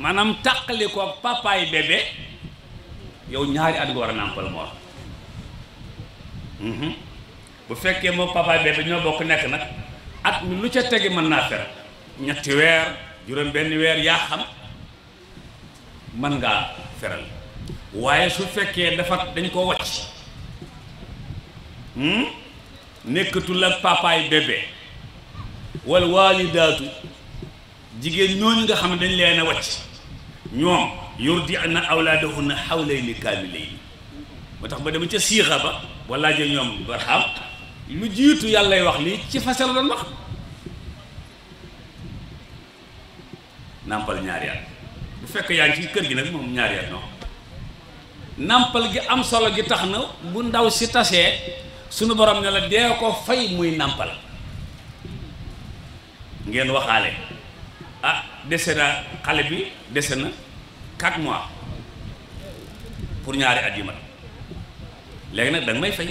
maanaam tàqali ko ak papaay bébé yow ñaari at nga war a nàmpal moor mhm. bu fekkee moom papaay bébé ñoo bokk nekk nag at mi lu ca tegi mën naa fer ñetti weer juróom benn weer yaa xam mën ngaa feral waaye su fekkee dafa dañ koo wàcc hmm, nekkatul ak papaay bébé wal waalidaatu jigéen ñooñu nga xam ne dañ leen a wàcc ñoom yurdi ana awlaadahunna xawlayni kaamilayni moo tax ba dem ca siixa ba ba laajee ñoom barxaam lu jiitu yàllay wax lii ci fasal doon wax nàmpal ñaari at bu fekk yaa ngi ci kër gi nag moom ñaari at noonu nàmpal gi am solo gi tax na bu ndaw si tasee sunu borom ne la dee ko fay muy nàmpal ngeen waxaale ah dese na xale bi dese na quatre mois pour ñaari at yu mat léegi nag da may fay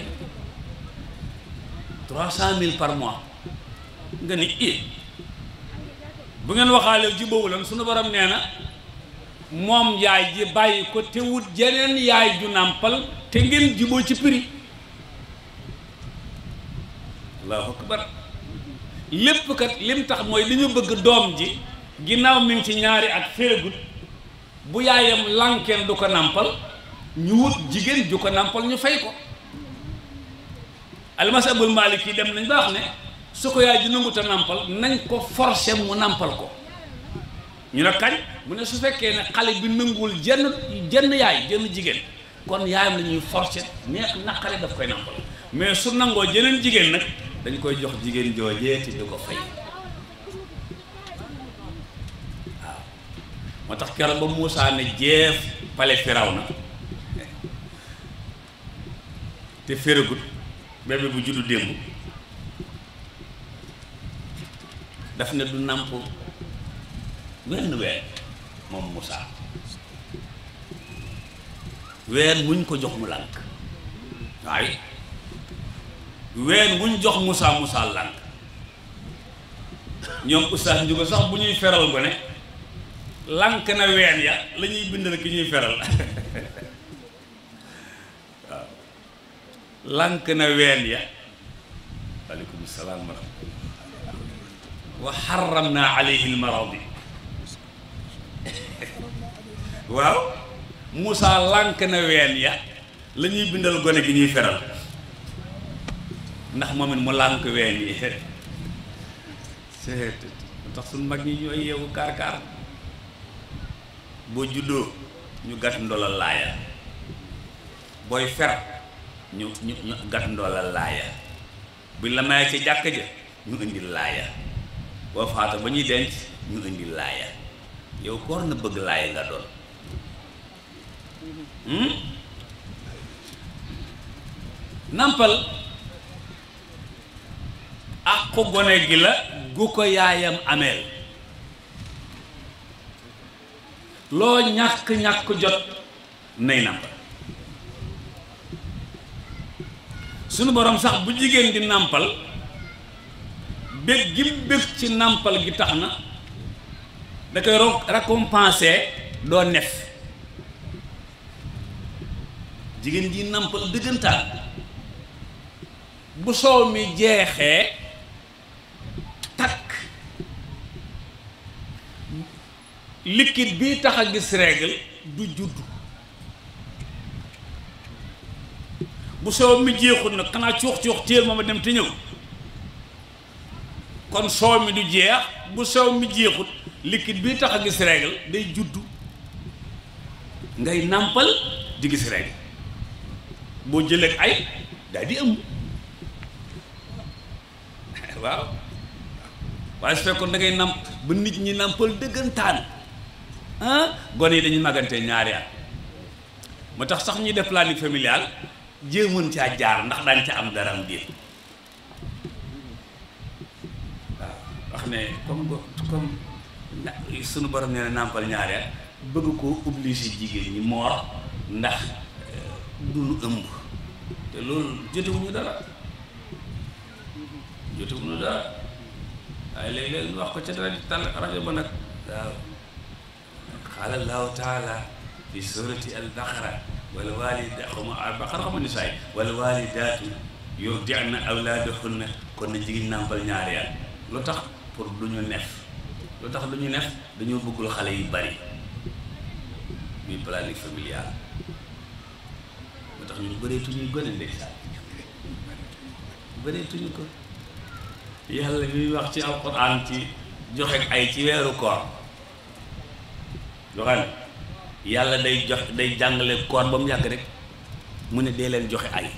trois cent mille par mois nga ni i bu ngeen waxaale ji boobu lan suñu borom nee na moom yaay ji bàyyi ko te wut jeneen yaay ju nàmpal te ngeen juboo ci prix allahu akbar lépp kat lim tax mooy li ñu bëgg doom ji ginnaaw mi ci ñaari at féregut bu yaayam lànkeen du ko nàmpal ñu wut jigéen ju ko nàmpal ñu fay ko almasabul maaliki dem nañ ba wax ne su ko yaay ji nangut a nàmpal nañ ko forcer mu nàmpal ko ñu ne kañ mu ne su fekkee ne xale bi nanguwul jenn jenn yaay jenn jigéen kon yaayam la ñuy forcer neex naqare daf koy nàmpal mais su nangoo jeneen jigéen nag dañ koy jox jigéen joojee te du ko fay moo tax keroog ba Moussa ne jeef pale Firawna te féragut bébé bu juddu démb daf ne du nàmp wenn weer moom Moussa weer wuñ ko jox mu lànk waaye weer wuñ jox Moussa Moussa lànk ñoom oustaz Ndiouga sax bu ñuy feral gone lànk na ween ya lañuy ñuy bindal ki ñuy feral waaw lànk na ween ya waaleykum salaam wa rahmatulah wa xaram naa alayhi almaradi waaw Moussa lànk na ween ya lañuy ñuy bindal gone gi ñuy feral ndax moom it mu lànk ween yi [LAUGHS] tax suñ mag ñi ñooy yeewu kaar kaar boo juddoo ñu gat ndolal laaya booy fer ñu ñu ñu gat ndolal laaya bu la mayee ci jàkk ja ñu indi laaya boo faatu ba ñuy denc ñu indi laaya yow koor na bëgg laaya nga doon hmm? nampal àqu gone gi la gu ko yaayam ameel loo ñàkk-ñàkk jot nay nàmpal sunu boroom sax bu jigéen di nàmpal bég gi bég ci nàmpal gi tax na da koy récompenser doo nef jigéen ji nàmpal dëggantaan bu soow mi jeexee takk liquide bii tax a gis règle du judd bu soow mi jeexul nag xanaa cuux cuux téel ma ma dem te ñëw kon soow mi du jeex bu sew mi jeexut liquide bii tax a gis règle day judd ngay nàmpal di gis règle boo jëlee ay daal di ëmb [LAUGHS] waaw waaye su fekkoon da ngay nàmp ba nit ñi nàmpal dëggantaan gone yi dañuy magante ñaari moo tax sax ñuy def planning familial jéemoon caa jaar ndax daan ca am dara am déet waaw wax ne comme comme sunu borom nee na nàmpal ñaari at bëgg koo obligé jigéen ñi moor ndax euh, du ëmb te loolu jotewuñu dara jotewuñu dara waaye léeg-léeg ñu wax ko ca rajo rajo ba nag waaw qaala allahu taala fi surati albaqara wal walida xama albaqara ah, xama nisaay wal na yurdi'na awlaadahunna kon na jigéen nàmpal ñaari at lu tax pour du ñu nef lu tax du ñu nef dañoo bëggul xale yu bari muy planning familial lu tax ñun bëreetuñu gone ndeysaan bëreetuñu ko yàlla ñuy wax ci alquran ci joxe ay ci weeru koor joxaan yàlla day jox day jàngale koor ba mu yàgg rek mu ne dee leen joxe ay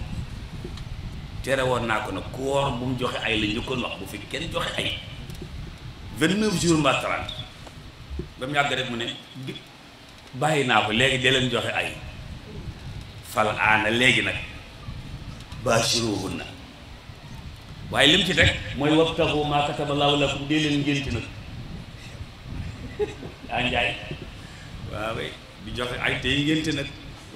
tere woon naa ko nag koor bu mu joxe ay la njëkkoon wax bu fi kenn joxe ay vingt-neuf jours mbaa trente ba mu ne bàyyi naa ko léegi dee leen joxe ay fal aana léegi nag baashiruhunna waaye lim ci teg mooy wabtaxu maa kataba laahu lakum dee leen ngénti nag [LAUGHS] yaa njaay waaw di joxe ay tey ngénte nag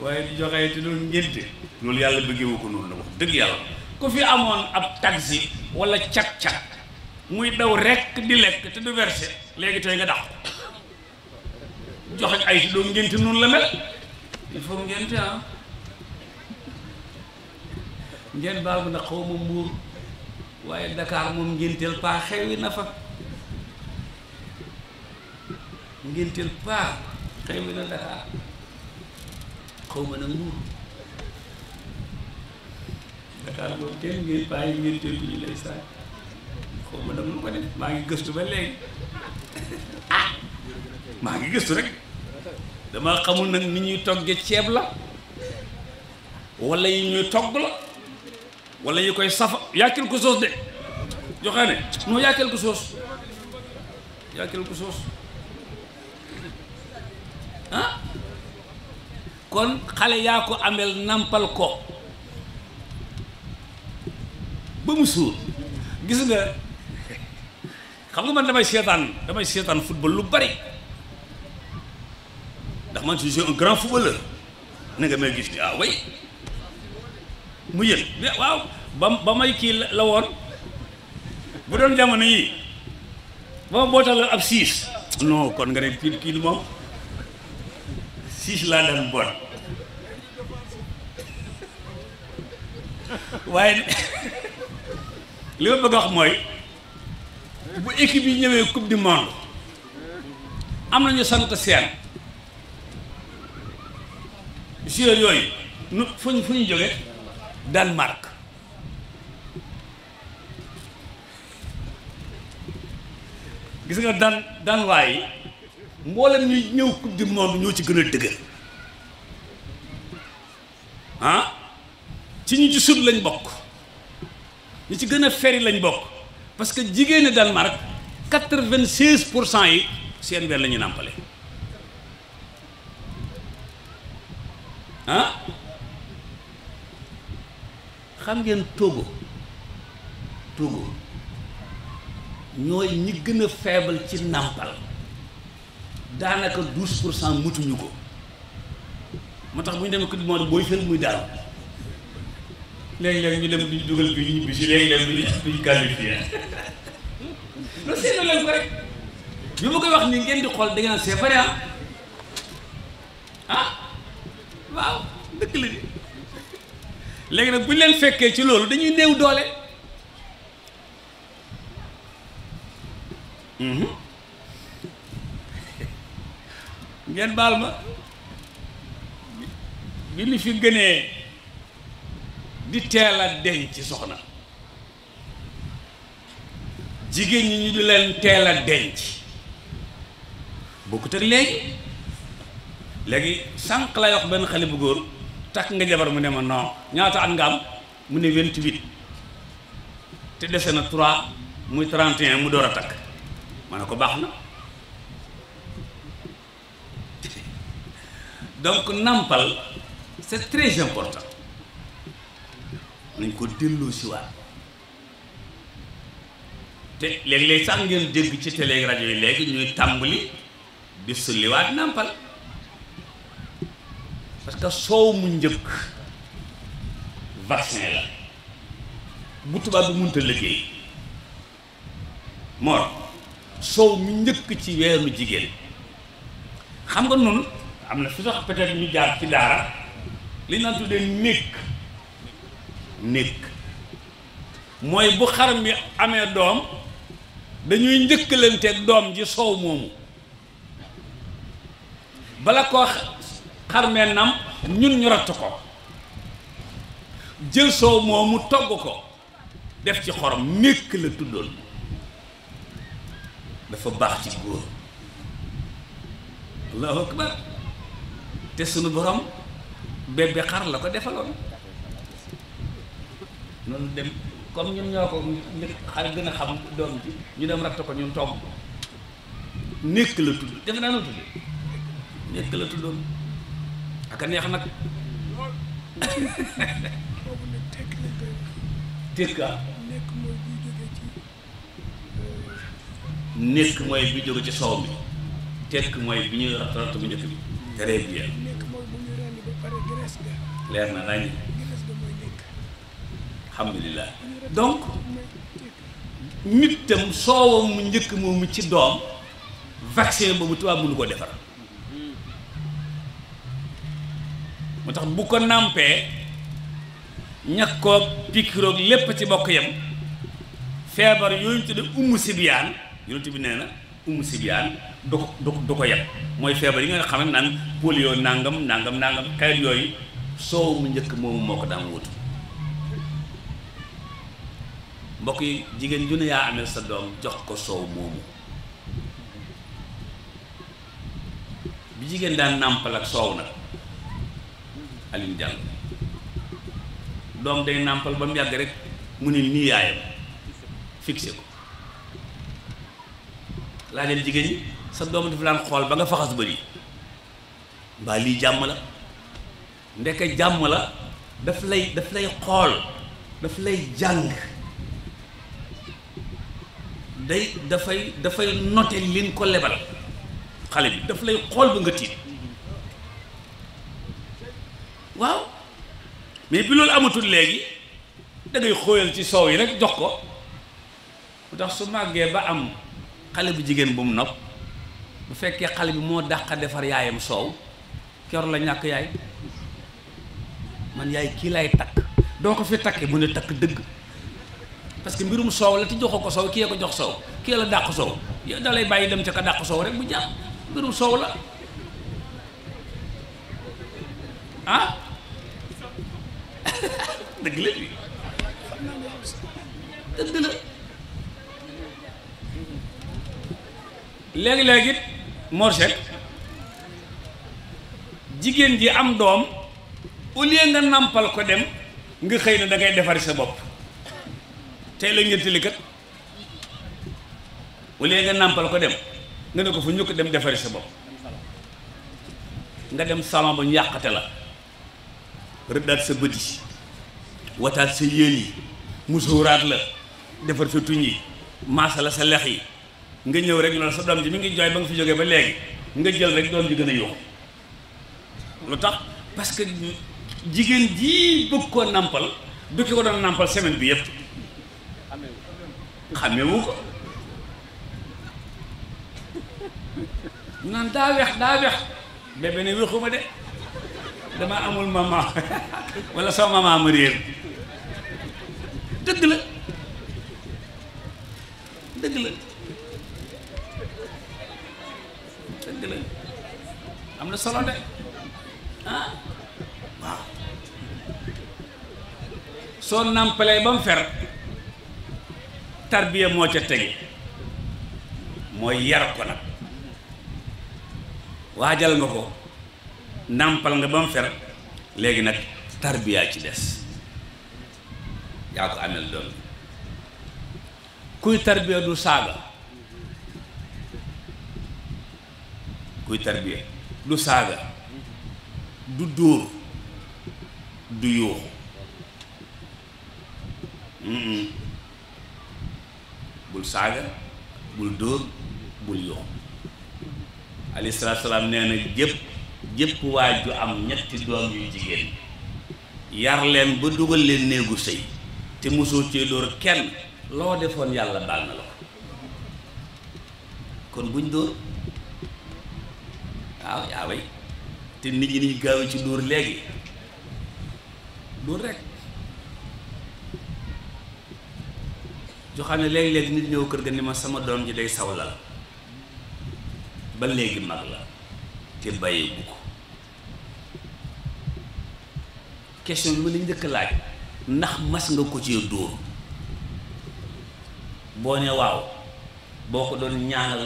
waaye di joxe ay te loolu ngénte loolu yàlla bëggewu ko noonu la wax dëgg yàlla ko fi amoon ab taxi wala cak cag muy daw rekk di lekk te du versé léegi tey nga dàq joxe ay te doom ngénte noonu la mel il faut ngénte ah ngeen baal ko ndax xaw ma mbuur waaye Dakar moom ngénteel paa xewi na fa ngénteel paa tey mu ne la ah xaw ma nag nguur Dakar boobu teel lay saay xaw ma nag mu ko def maa ngi gëstu ba léegi ah maa ngi gëstu rek damaa xamul nag ni ñuy toggee ceeb la wala yi ñuy togg la wala yi koy safa yaa quelque chose de joxe ne non yaa quelque chose yaa quelque ah kon xale yaa ko amel nàmpal ko ba mu suur gis nga xam nga man damay seetaan damay seetaan football lu bari ndax man je suis un grand footballeur na nga may gis ni ah way mu yël waaw ba ba may kii la woon bu doon jamono yi ba ma bootaloon ak siis non kon nga ne kii kii moom siis laa daan boot waaye li ma bëgg a mooy bu équipe yi ñëwee coupe du monde am nañu sant seen joueurs yooyu nu fu ñu fu ñu jóge Danemark gis nga dan dan yi mboolem ñuy ñëw coupe du monde ñoo ci gën a dëgër ah ci ñu ci sut lañ bokk ñu ci gën a feri lañ bokk parce que jigéeni Danemark quatre-vingt-seize pour cent yi seen weer la ñu nàmpale ah xam ngeen Togo Togo ñooy ñi gën a faible ci nàmpal daanaka douze pour cent mutuñu ko moo tax bu ñu demee coupe du monde booy fël muy daal léegi-léegi ñu dem duñu dugal bi ñu ñibbi si léegi-léegi duñu ma koy wax ni xool da ngeen c'est vrai ah. Ah, léegi nag bu leen fekkee ci loolu dañuy néew doole mhm. ngeen baal ma bi lu fi gënee di teel a ci soxna jigéen ñi ñu di leen teel a denc bokkut ak léegi léegi sànq la wax benn xale bu góor takk nga jabar mu ne ma non ñaata at nga am mu ne vingt-huit te dese na trois muy trente mu door a takk ma ne ko baax na donc nampal c'est très important nañ ko delloo si waat te léeg-léeg sax ngeen dégg ci télé rajo yi léegi ñuy tàmbali di sulliwaat nampal parce que soow mu njëkk vaccin la bu tubaab bi mënta liggéey moor soow mu njëkk ci weeru jigéen xam nga noonu am na fi sax peut-être ñu jaar ci daara li ñu tuddee néeg néeg mooy bu xar mi amee doom dañuy njëkkalanteeg doom ji soow moomu bala koo xarmee nam ñun ñu ratt ko jël soow moomu togg ko def ci xorom néeg la tuddoon dafa baax ci góor te sunu borom bébé xar la ko defaloon noonu dem comme ñun ñoo ko xar gën a xam doom ji ñu dem ratt ko ñun tomb nekk la tudd def naa la tudd nekk la tuddoon ak a neex nag tekka nekk mooy bi jóge ci soow mi tekk mooy bi ñuy ratt ratt bu njëkk bi Très bien. leer na nañ alhamdulilah donc nit tam soowam mu njëkk moomu ci doom vaccin boobu tubaab mënu ko defar moo tax bu ko nàmpee ñàkk koog pikiroog lépp ci bokk yam feebar yooyu ñu tudde umu sibiyaan yonent bi nee umu sibyaan du du du ko yeb mooy feebar yi nga xam ne naan polio nangam nangam nangam kayit yooyu soow mu njëkk moomu moo ko daan wutu mbokk yi jigéen ju yaa amee sa doom jox ko soow moomu bi jigéen daan nàmpal ak soow nag Alioune Diallo doom day nàmpal ba mu yàgg rek mu ne nii yaayam fixé ko laajal jigéen yi sa doom dafa daan xool ba nga faxas bëri mbaa lii jàmm la ndeke jàmm la daf lay daf lay xool daf lay jàng day dafay dafay note liñ ko lebal xale bi daf lay xool ba nga tiit waaw mais bi loolu amatul léegi da ngay xóoyal ci soow yi rek jox ko mu tax su màggee ba am xale bu jigéen bu mu nopp bu fekkee xale bi moo dàq defar yaayam soow kor la ñàkk yaay man yaay kii lay takk doo ko fi takke mu ne takk dëgg parce que mbirum soow la te joxu ko soow kii ko jox soow kii la dàq soow yow da bàyyi dem ca ka dàq soow rek bu jàpp mbirum soow la ah [LAUGHS] la dëgg la léegi-léegi it morset jigéen ji am doom au lieu nga nàmpal ko dem nga xëy na da ngay defari sa bopp tey la ngeen tëlikat au lieu nga nàmpal ko dem nga ne ko fu ko dem defari sa bopp nga dem salon ba ñu yàqate la rëddaat sa bët yi wataat sa yéen yi musóoraat la defar sa tuñ yi maasa la sa lex yi nga ñëw rek ñu sa doom ji mi ngi jooy ba nga fi jógee ba léegi nga jël rek doom ji gën a yóbbu lu tax parce que jigéen ji bëgg koo nàmpal du ki ko doon nàmpal semaine bi yëpp xamewu ko naan daa weex daa weex bébé ne weexuma de dama amul maman [LAUGHS] wala sama maman ma réer dëgg la dëgg la solo de ah. soo nàmpalee ba mu fer tarbiya moo ca tege mooy yar ko nag waajal nga ko nàmpal nga ba mu fer léegi nag tarbiya ci des yaa ko amel doon kuy tarbiya du saaga kuy tarbiya du saaga du dóor du yuuxu bul saaga bul dóor bul yuuxu alayhi salaatu salaam nee jëpp jëpp waaj ju am ñetti doom yu jigéen yar leen ba dugal leen néegu sëy te mosoo cee dóor kenn loo defoon yàlla baal na la ko kon buñ dóor waaw ah, yaa way te nit ñi niñ gaawe ci dóor léegi dóor rekk joo xam ne léeg nit ñëw kër ga ni ma sama doom ji day sawlal ba léegi mag la te bàyyi bu ko question bi ma lañ njëkk laaj ndax mas nga ko ci dóor boo ne waaw boo ko doon ñaanal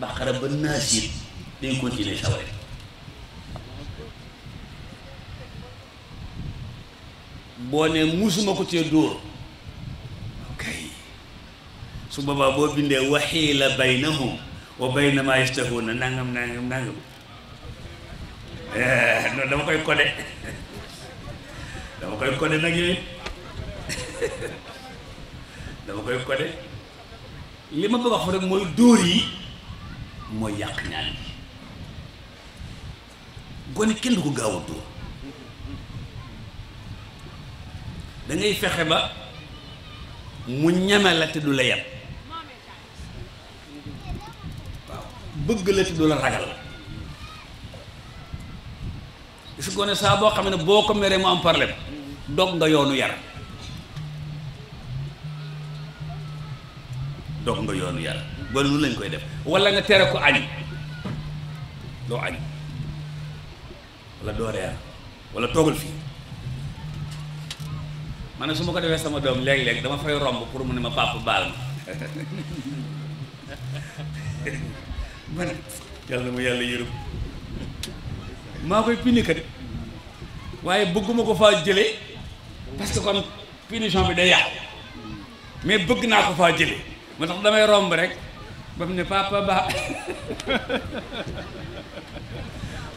baqara ba naasiit day continuer saware boo ne musuma ko cee dóor kay su boobaa boo bindee waxiila baynahum wa bayna maa yastahuuna nangam nangam nangam noonu eh, dama koy codé dama koy codé nag yooyu dama koy codé li ma bëgg a wax rek mooy dóor yi mooy yàq ñaan yi gone kenn du ko gaaw a dóor fexe ba mu ñeme la te du la yem waaw bëgg la te du la ragal la su gone saa boo xam ne boo ko meree mu am problème dog nga yoonu yar dog nga yoonu yar gone lu lañ koy def walla nga tere ko añ doo añ la doo reer wala toogal fii ma na su ma ko defee sama doom léeg-léeg dama fay romb pour mu ne ma papa baal ma [LAUGHS] ma yàlla mu yàlla yërëm maa koy pini kat waaye bëgguma ko faa jële parce kon punition bi day yàqu mais bëgg naa ko faa jëlee moo tax damay romb rek ba mu ne papa ba [LAUGHS]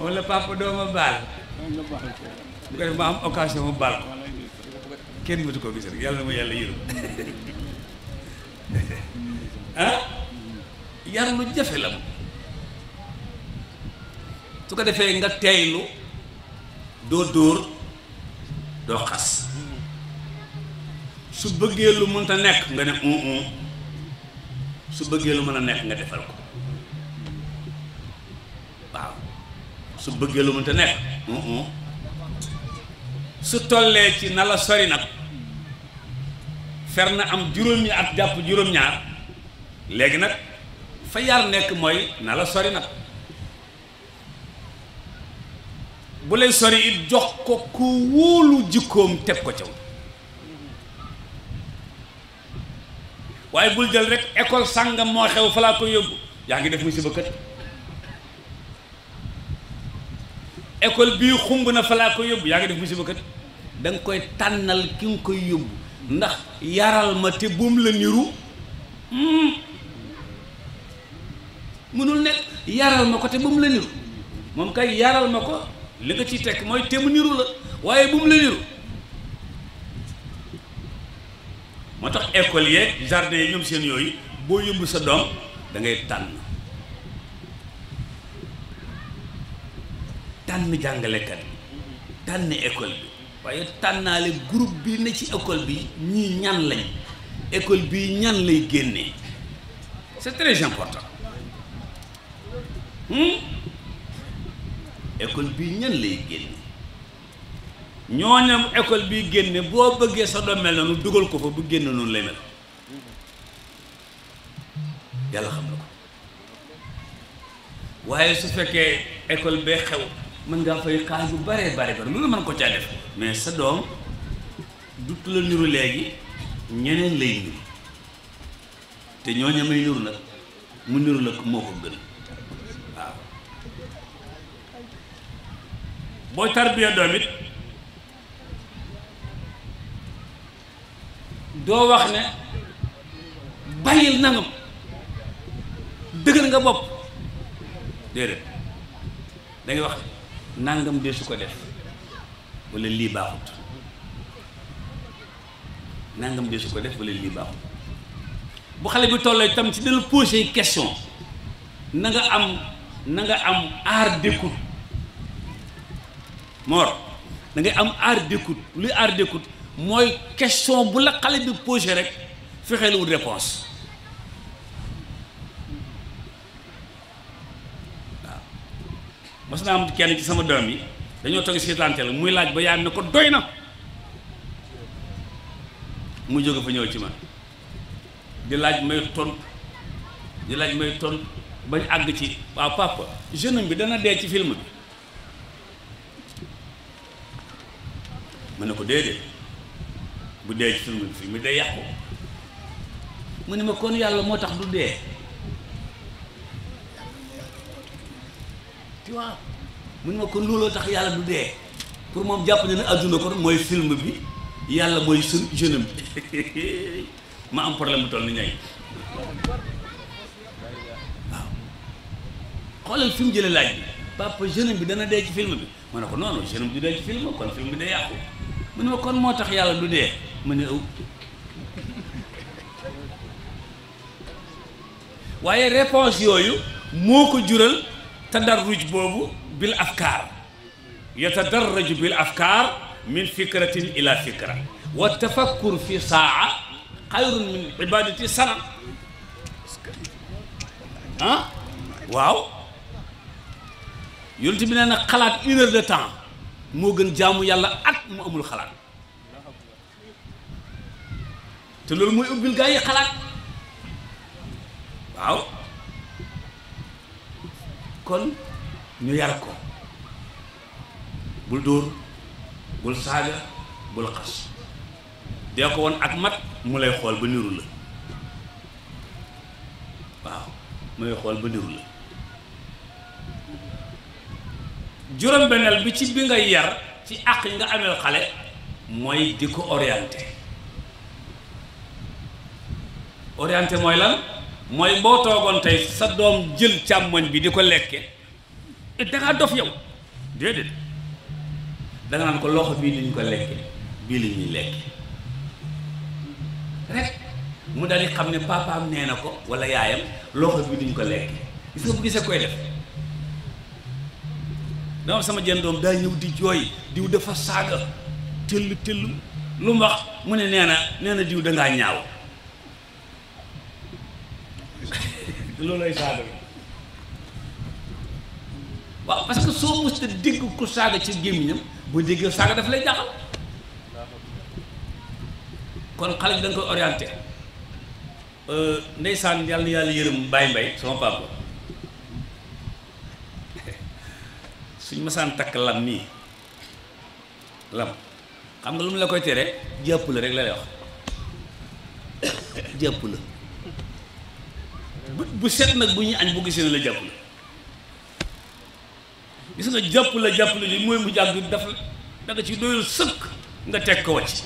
wala papa dooma baal bu ko def ma am occasion mu baal ko kenn mëtu ko gis rek yàlla na ma yàlla yërëm [LAUGHS] ah yar lu la moom su ko defee nga teeylu doo dóor doo xas su bëggee lu mënta nekk nga ne un un su bëggee lu mën a nekk nga defal ko su bëggee lu mënta nekk su tollee ci na la sori nag fer na am juróomi ak jàpp juróom-ñaar léegi nag fa yar nekk mooy na la sori nag bu lay sori it jox ko ku wóolu jikkoom teg ko caw waaye bul jël rek ecole sàngam moo xew fa laa ko yóbbu yaa ngi def muy si bëkkat école bii xumb na falaa ko yóbbu yaa ngi def musiba kat da nga koy tànnal ki nga koy yóbbu ndax yaral ma te buum la niru hmm. mënul nekk yaral ma ko te la niru moom kay yaral ma ko li nga ciy tekk mooy te mu niru la waaye buum la niru moo tax ecole yeeg jardin yi ñoom seen yooyu boo yóbbu sa doom dangay tànn. tànn jàngalekat bi tànn école bi waaye tànnaale groupe bi ne ci école bi ñii ñan lañ école bi ñan lay génne c'est très important hmm? école bi ñan lay génne ñooñam école bi génne boo bëggee sa doom mel noonu dugal ko fa bu génn noonu lay mel yàlla xam na ko waaye su fekkee école bee xew mën ngaa fay xaalis bu baree bare bare lu nga mën ko caa def mais sa doom dut la niru léegi ñeneen lay niru te ñooña may niru nag mu niru la moo ko gën waaw booy tarbiya doom it doo wax ne bàyyil nangam dëgër nga bopp déedéet da wax nangam de su ko def walla lii baaxut nangam de su ko def wala lii baaxut bu xale bi tolloo itam ci dana poser question na nga am na nga am art d'écoute Mor da ngay am art d'écoute luy art d'écoute mooy question bu la xale bi posé rek fexeel wut réponse mas naa am kenn ci sama doom yi dañoo toog seetaante la muy laaj ba yaay ne ko doy na mu jóge fa ñëw ci man di laaj may ton di laaj may ton bañ àgg ci waaw papa jeune bi dana dee ci film bi ma ne ko déedéet bu dee ci film bi film bi day yàqu mu ne ma kon yàlla moo tax du dee tu mu mun ma kon looloo tax yàlla du dee pour moom jàpp na ne adduna kon mooy film bi yàlla mooy sun jeune bi [LAUGHS] ma am problème bu toll ni ñay waaw xoolal fi mu jëlee laaj bi papa jeune bi dana dee ci film bi ma ne ko noonu jeune bi du dee ci film kon film bi day yàqu mu ne ma kon moo tax yàlla du dee ma ne oh. aw [LAUGHS] waaye réponse yooyu moo ko jural tadarruj boobu bil afkaar yatadarraju bil afkaar min fikratin ila fikra wa tafakkur fi saa xayrun min ibadati sana ah waaw yonent bi nee na xalaat une heure de temps moo gën jaamu yàlla at mu amul xalaat te loolu mooy ubbil gaa yi xalaat waaw kon ñu yar ko bul dóor bul saaga bul xas dee ko woon ak mat mu lay xool ba niru la waaw mu lay xool ba niru la juróom-benneel bi ci bi ngay yar ci àq yi nga ameel xale mooy di ko orienté orienté mooy lan mooy boo toogoon tey sa doom jël càmmoñ bi di ko lekke dangaa dof yow déedéet da nga naan ko loxo bii lañ ko lekke bii la ñuy lekke rek mu dal di xam ne papaam nee na ko walla yaayam loxo bii duñ ko lekke gis nga bu gisee koy def dama sama jën doom daa ñëw di jooy diw dafa saaga tëll tëll lu mu wax mu ne nee na nee na diw dangaa ñaaw loolooy saaga bi waaw parce que soo mës a dégg ku saaga ci gémmiñam boo déggee saaga daf lay jaaxal kon xale bi da nga koy orienté euh, ndeysaan yàlla yàlla yërëm mbay Mbaye sama papa suñ masaan takk lam nii lam xam nga lu mu la koy tere jàpp la rek la lay wax jàpp la bu set nag bu ñuy añ bu gisee ne la jàpp la gis nga jàpp la jàpp la li mooy mu jàgg dafa danga ci doyul sëkk nga teg ko wàcc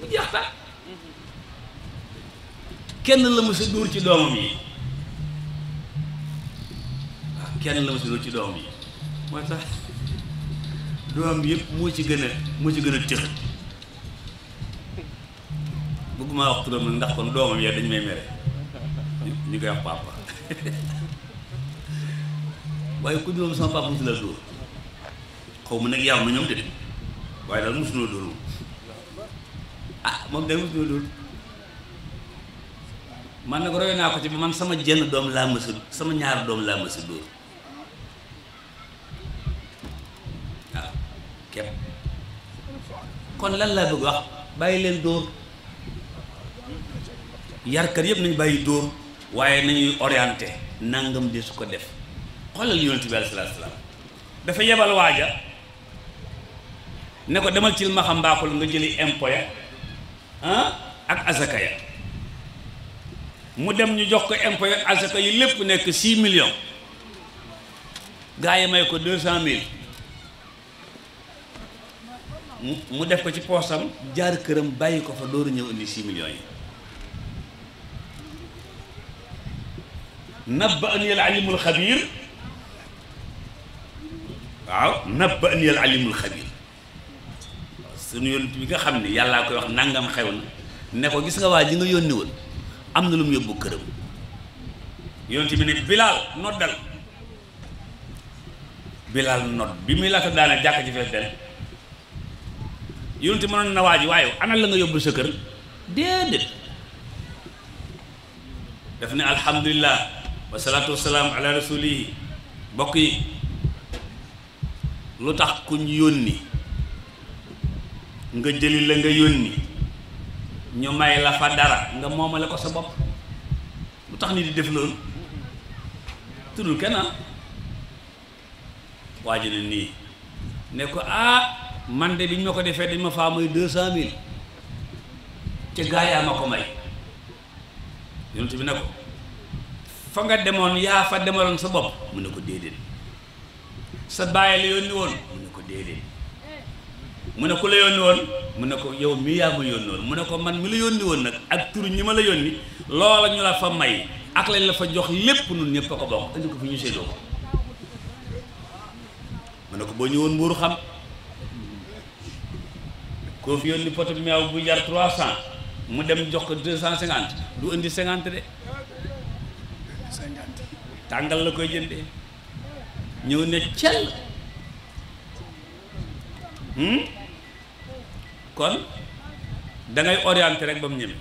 mu jaxta kenn la ma sa dóor ci doomam yi waaw kenn la ma sa dóor ci doomam yi moo tax doomam yëpp moo ci gën a moo ci gën a tëx bëgguma wax turam ndax kon doomam yee dañu may mere ñu koy wax papa waaye ku ñoom sama papa mosu la dóor xaw ma nag yaaw na ñoom de waaye daal mosu noo dóor moom ah moom roy naa ko ci man sama jenn doom laa mës a sama ñaar doom laa mës a dóor waaw ah, képp kon lan laa bëgg wax bàyyi leen dóor yarkat yëpp nañu bàyyi dóor waaye nañuy orienté nangam de su ko def xoolal yonent bi alayhi salaatu salaam dafa yebal waaja ne ko demal ci ma xam nga jëli impôt ya ah, ak asaka ya mu dem ñu jox ko impôt ya azaka yi lépp nekk six million gaa yi may ko deux cent mille mu def ko ci poosam jaar këram bàyyi ko fa dooru ñëw indi six millions yi nabba'ani al-alimul xabiir waaw nabba'ani al-alimul xabiir sunu yónni bi nga xam ne yàllaa koy wax nangam xew na ne ko gis nga waa ji nga yónni woon am na lu mu yóbbu këram yónni bi ne Bilaal noddal Bilaal nodd bi muy laata daana jàkk ci fees den yónni mënoon na waa ji waaye ana la nga yóbbu sa kër déedéet daf ne alhamdulilah wasalaatu wasalaam ala rasulihi mbokk yi lu tax ku kuñ yónni nga jëli la nga yónni ñu may la fa dara nga moomale ko sa bopp lu tax ni di def loolu tuddul kenn ah. waa ji ne nii ne ko ah man de bi ñu ma ko defee dañ ma faa may deux cent mille ca gaayaa ma ko may yonent bi ne ko fa nga demoon yaa fa demaloon sa bopp mu ne ko déedéet sa bàyyi la yónni woon mu ne ko déedéet mu ne ku la yónni woon mu ne ko yow mii yaa ma yónni woon mu ne ko man mi la yónni woon nag ak tur ñi ma la yónni loola ñu la fa may ak lañ la fa jox lépp nun ñëpp a ko bokk indi ko fi ñu séddoo ko mu ne ko boo ñëwoon mbuuru xam koo fi yónni poto meew bu jar trois cent mu dem jox ko deux cent cinquante du indi cinquante de tàngal la koy jëndee ñëw ne cel hmm? kon dangay ngay orienté rek ba mu ñeme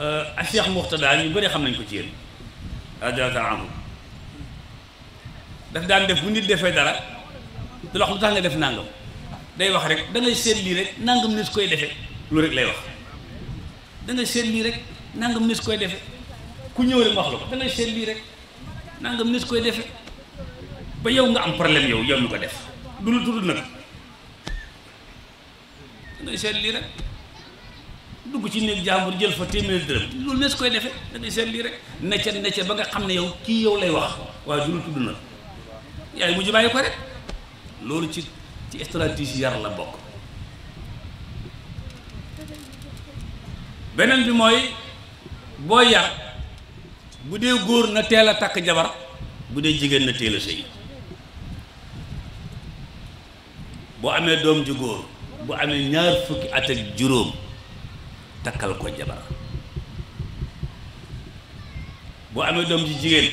euh, Cheikh Muxtada ñu bëri xam nañ ko ci yéen radiyallaahu anhu daf daan def bu nit defee dara du wax lu tax nga def nangam day wax rek da ngay seet lii rek nangam ne su koy defee lu rek lay wax da ngay seet lii rek nangam ne su koy defee ku ñëw rek la ko dangay seet lii rek nangam nit koy defee ba yow nga am problème yow yow ñu ko def du lu tudd nag dangay seet lii rek dugg ci néeg jàmbur jël fa téeméer dërëm loolu nees koy defee dangay seet lii rek necce necce ba nga xam ne yow kii yow lay wax waaye du lu tudd nag yaay mujj bàyyi ko rek loolu ci ci stratégie yar la bokk beneen bi mooy boo yar bu dee góor na teel a takk jabar bu dee jigéen na teela a boo amee doom ju góor bu amee ñaar fukki at ak juróom takkal ko jabar boo amee doom ji jigéen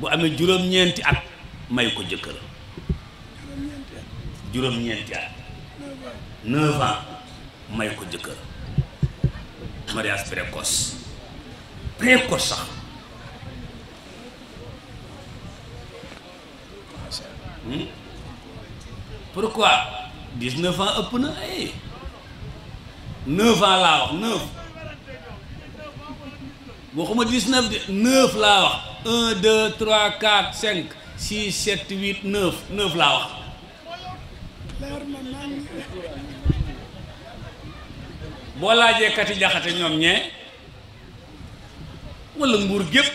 bu amee juróom-ñeenti at may ko jëkkër juróom-ñeenti at neuf may ko jëkkër mariage précoce précoce sax Hmm? pourquoi dix-neuf ans ëpp na ay eh. neuf ans laa wax neuf waxuma dix-neuf neuf laa wax un deux trois quatre cinq six sept huit neuf neuf laa wax boo laajee kati jaxate ñoom ñee walla nguur gépp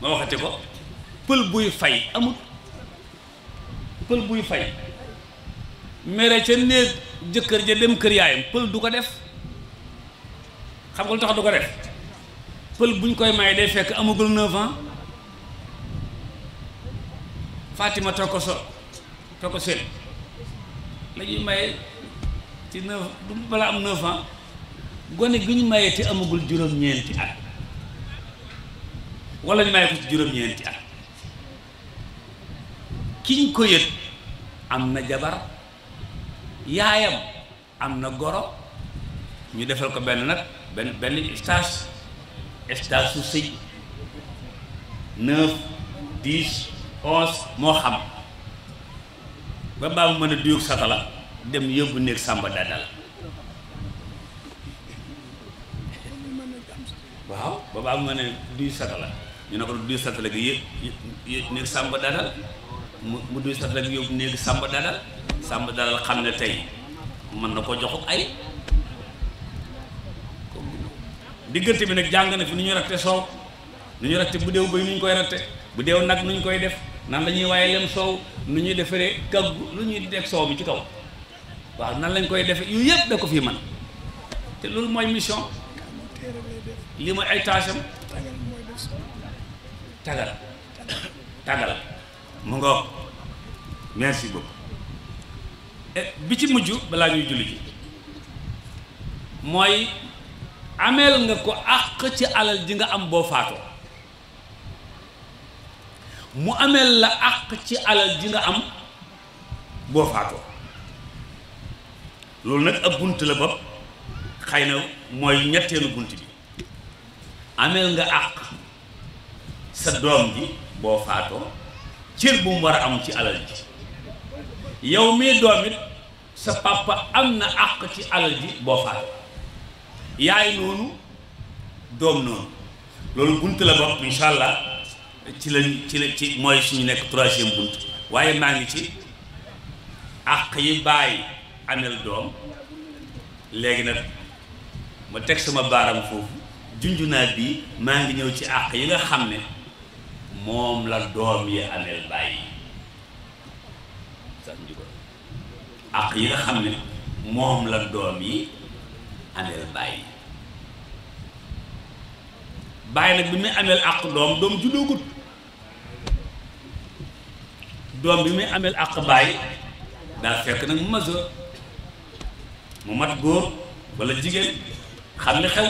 ma waxati ko pël buy fay amut pël buy fay mere ca néeg jëkkër ja dem kër yaayam pël du ko def xam nga lu tax du ko def pël buñ koy may de fekk amagul neuf ans Fatima toog ko so toog ko seen la ñuy ci neuf balaa am neuf ans gone gi ñu mayee te amagul juróom-ñeenti at wala ñu maye ko ci juróom-ñeenti at kiñ ko yët am na jabar yaayam am na goro ñu defal ko benn nag benn benn stage stage su sëy neuf dix moo xam ba baa mu mën a duyug satala dem yóbbu néeg sàmba dada la waaw ba baa mu mën a duy satala ñu ne ko duy satala gi yëpp néeg sàmba dada mu mu duy sa rek yóbbu néegi sàmb dalal sàmb dalal xam ne tey mën na ko joxuk ay diggante bi nag jàng na fi nu ñu ratte soow nu ñu ratte bu deew bay nu ñu koy ratte bu deew nag nu ñu koy def nan la ñuy waaye lem soow nu ñuy defaree kaggu lu ñuy def soow bi ci kaw waaw nan lañ koy defe yu yëpp da ko fi man te loolu mooy mission li mooy ay tâche tagal tagal mu ngoog merci beaucoup eh, bi ci mujj balaa ñuy julli ji mooy ameel nga ko àq ci alal ji nga am boo faatoo mu ameel la àq ci alal ji nga am boo faatoo loolu nag ab bunt la bopp xëy na mooy ñetteelu bunt bi ameel nga àq sa doom bi boo faatoo cir bu mu war a am ci alal ji yow mii doom sa papa am na àq ci alal ji boo faat yaay noonu doom noonu loolu bunt la bopp incha allah ci lañ ci la ci mooy suñu nekk troisième bunt waaye maa ngi ci àq yi bàyyi amel doom léegi nag ma teg sama baaram foofu junju naa bii maa ngi ñëw ci àq yi nga xam ne moom la doom yi ameel bàyyi sax njugo ak yi nga xam ne moom la doom yi ameel bàyyi bàyyi nag bi muy ameel àq doom doom juddoogut doom bi muy ameel àq bàyyi daa fekk nag mu majeur mu mat góor walla jigéen xam li xew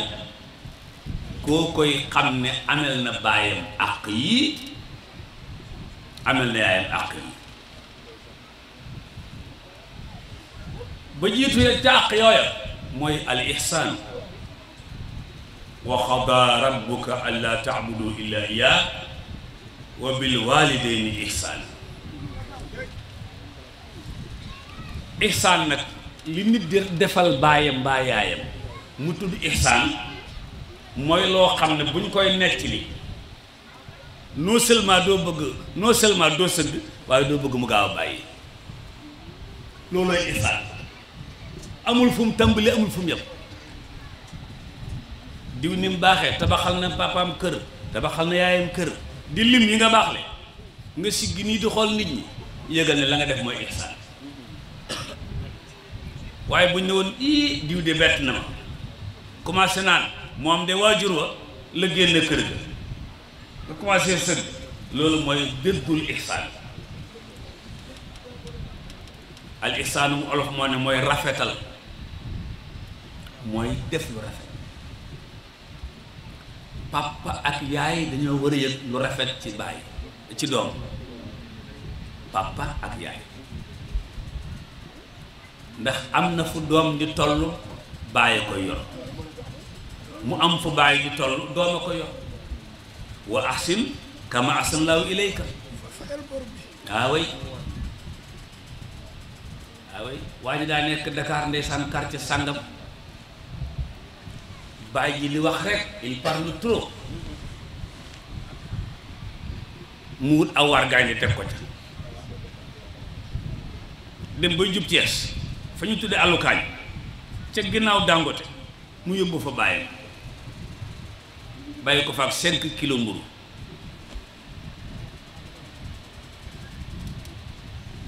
koo koy xam ne amel na baayam àq yi amel na yaayam àq yi ba jiitu yëg ca yooya mooy al ihsaan wa xadaa rabbuka allaa taabudu illaa iyaa wa bil waalidayni ihsaan ihsaan nag li nit di defal baayam mbaa mu tudd ihsaan mooy loo xam ne bu ñu koy nettali non seulement doo bëgg noo seulement doo sëgg waaye doo bëgg mu gaaw a bàyyi loolooy isaan amul fu tàmbali amul fum mu diw ni mu baaxee tabaxal na papaam kër tabaxal na yaayam kër di lim yi nga baax le nga siggi nii di xool nit ñi yëgal ne la nga def mooy ihsaan waaye bu ñu ne woon ii diw de bett na ma commencé naan moom de waajur wa la génn kër ga nga commencé sëg loolu mooy dëddul ihsaan al mu olof moo ne mooy rafetal mooy def lu rafet papa ak yaay dañoo war a yëg lu rafet ci baay ci doom papa ak yaay ndax am na fu doom di toll bàyyi koy yor mu am fu bàyyi di toll dooma ko yor wa ahsin kama ahsan laahu ilayka waaway waaway waa ji daa nekk Dakar ndeysaan quartier sàngam bàyyi li wax rek il parle trop mu wut aw teg ko ca dem bay jub Thiès fa ñu tuddee alukaañ ca ginnaaw Dangote mu yóbbu fa bàyyi bàyyi ko fa ak cinq kilo mburu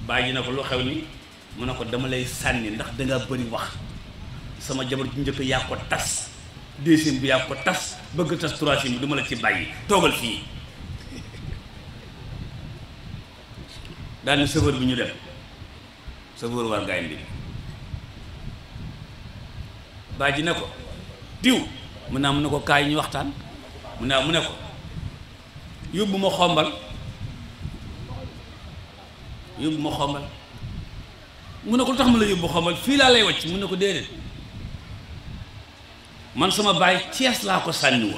bàyyi na ko lu xew ni mu ne ko dama lay sànni ndax danga bëri wax sama jabar ju njëkk yaa ko tas deuxième bi yaa ko tas bëgg tas troisième bi duma la ci bàyyi toogal fii daal sëfër bi ñu dem sëfër war gaay bi bàyyi na ko diw mun naa mun na ko kaay ñu waxtaan mu ne mu ne ko yóbbu ma xombal yóbbu ma xombal mu ne ko lu tax ma la yóbbu xombal fii laa lay wàcc mu ne ko déedéet man sama baay Cees laa ko sànni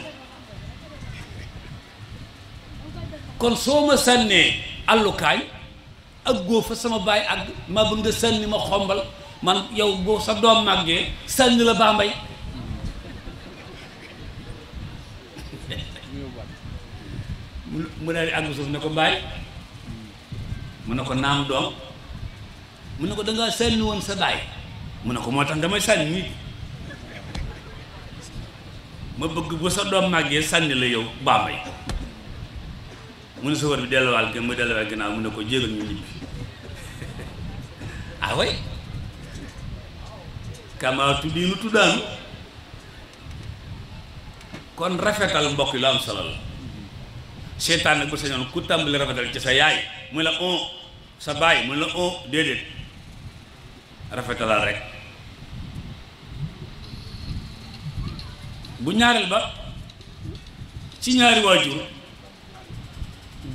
kon soo ma sànnee allukaay ak góo sama baay ak ma bëgg nga sànni ma xombal man yow boo sa doom màggee sànni la baa mbay mu daal di àgg suuf ne ko bàyyi mu ne ko naam doom mu ne ko dangaa sànni woon sa bàyyi mu ne ko moo tax damay sànni nit ma bëgg bu sa doom màggee sànni la yow baama yi mu ne sofër bi delluwaal gën mu delluwaal ginnaaw mu ne ko jégal ñu ñibbi [LAUGHS] ah way kamaatu diinu tuddaanu kon rafetal mbokk yi lu am solo seytaan nag bu sañoon ku tàmbali rafetal ci sa yaay mu la on oh, sa baay mu la on oh, déedéet rafetalal rek bu ñaareel ba ci ñaari waajur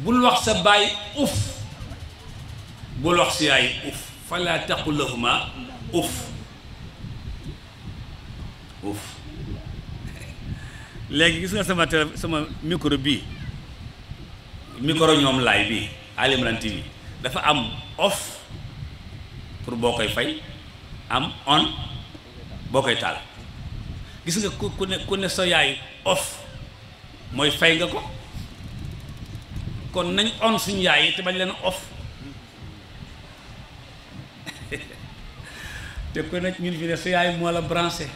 bul wax sa baay uf bul wax sa yaay uf fala taqul uf uf [LAUGHS] léegi gis nga sama télé sama micro bii micro ñoom laay bi Ali bi dafa am off pour boo koy fay am on boo koy taal gis nga ku ku ne ku ne sa yaay off mooy fay nga ko kon nañ on suñu yaay yi te bañ leen off [LAUGHS] te ku ne ñun fi ne sa yaay moo la branché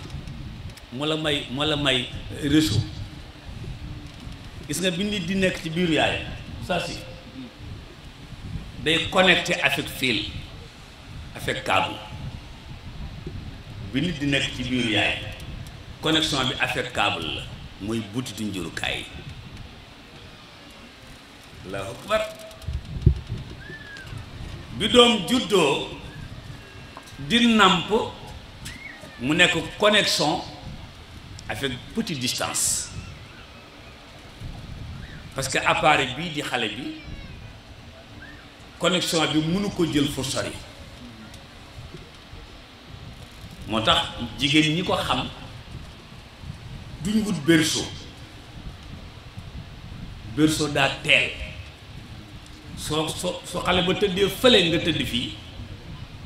moo la may moo la may réseau gis nga bi nit di nekk ci biiru yaay ça si day connecté avec fil avec câble bi nit di nekk ci biiru yaay connexion bi avec câble la mooy butitu njurukaay bi doom juddoo di nàmp mu nekk connexion avec petite distance parce que appareil bii di xale bi connexion bi mënu ko jël fu sori moo tax jigéen ñi ko xam duñ wut berceau berso daa teel soo so soo xale ba tëddee fële nga tëdd fii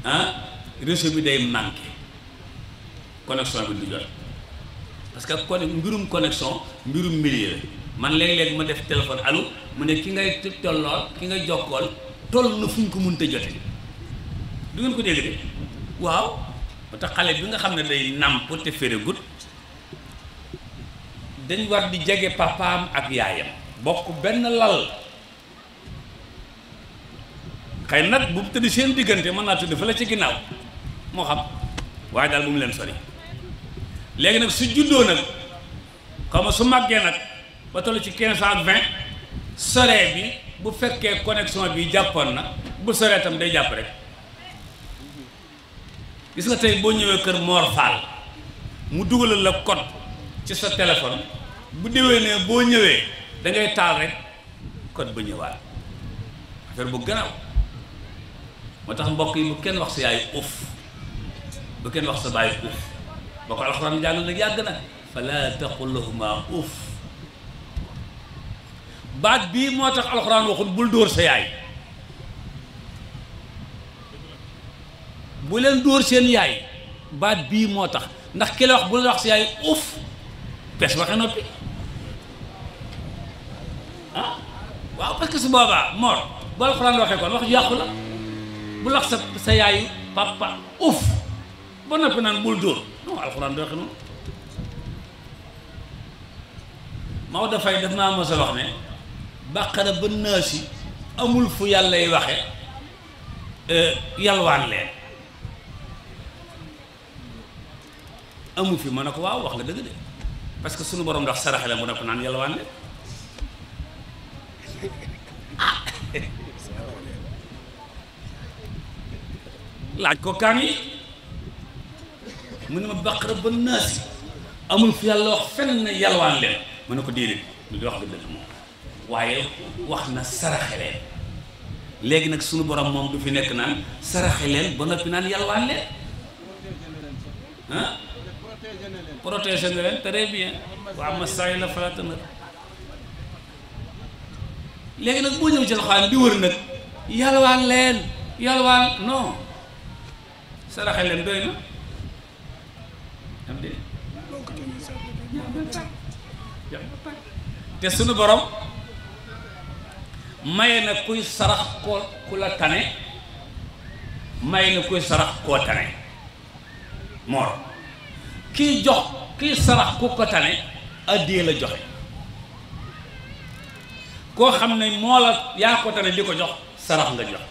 ah réseau bi day manqué connexion bi du jot parce que conne mbirum connexion mbirum milieu man léeg-léeg ma def téléphone allo mu ne ki ngay tollool ki ngay jokkool toll na fu ñu ko mënta jote du ngeen ko dégg de waaw ba tax xale bi nga xam ne day nàmp te féregut dañ war di jege papaam ak yaayam bokk benn lal xëy nag bu mu tëdd seen diggante mën naa tëdd fa la ci ginnaaw moo xam waaye daal bu mu leen sori léegi nag su juddoo nag xaw ma su màggee nag ba toll ci quinze cent vingt sore bi bu fekkee connexion bi jàppoon na bu soree tam day jàpp rek gis nga tey boo ñëwee kër Mor Fall mu dugalal la code ci sa téléphone bu déwee ne boo ñëwee dangay ngay taal rek code ba ñëwaat affaire bu gannaaw moo tax mbokk yi bu kenn wax sa yaay uuf bu kenn wax sa baay uuf ba ko alxuraan jàng nag yàgg na fala taqul lahumaa uuf baat bii moo tax alxuraan waxul bul dóor sa yaay bu dóor seen yaay baat bii moo tax ndax ki la wax bu wax sa yaay uf pes waxe noppi ah waaw parce que su boobaa mor bu alxuraan waxee kon wax yàqu la bu lax sa sa yaayu papa uf ba noppi naan bul dóor non alxuraan doo noonu Maodo Faye daf naa mos wax ne bàqara ba naasi amul fu yàllay waxe e, yalwaan leen amu fi ma ne ko waaw wax nga dëgg de parce que sunu borom ndax saraxale mu ne ko naan yalwaan leen [LAUGHS] laaj ko kaan yi mu ne ma bàqara ba amul fu yàlla wax fenn yalwaan leen ma ne ko déedéet lu di wax nga dëgg moom waaye wax na saraxe leen léegi nag sunu borom moom du fi nekk naan saraxe leen ba noppi naan yalwaan leen ah protéger waa ma saay la farata na léegi nag boo ñëw ci alxuraan di wër nag yalwaan leen yalwaan non saraxe leen doy na te sunu borom may na kuy sarax ko ku la tane maye na kuy sarax koo tane moor kiy jox kiy sarax ku ko tane addee la joxe koo xam ne moo la yaa ko tane di ko jox sarax nga jox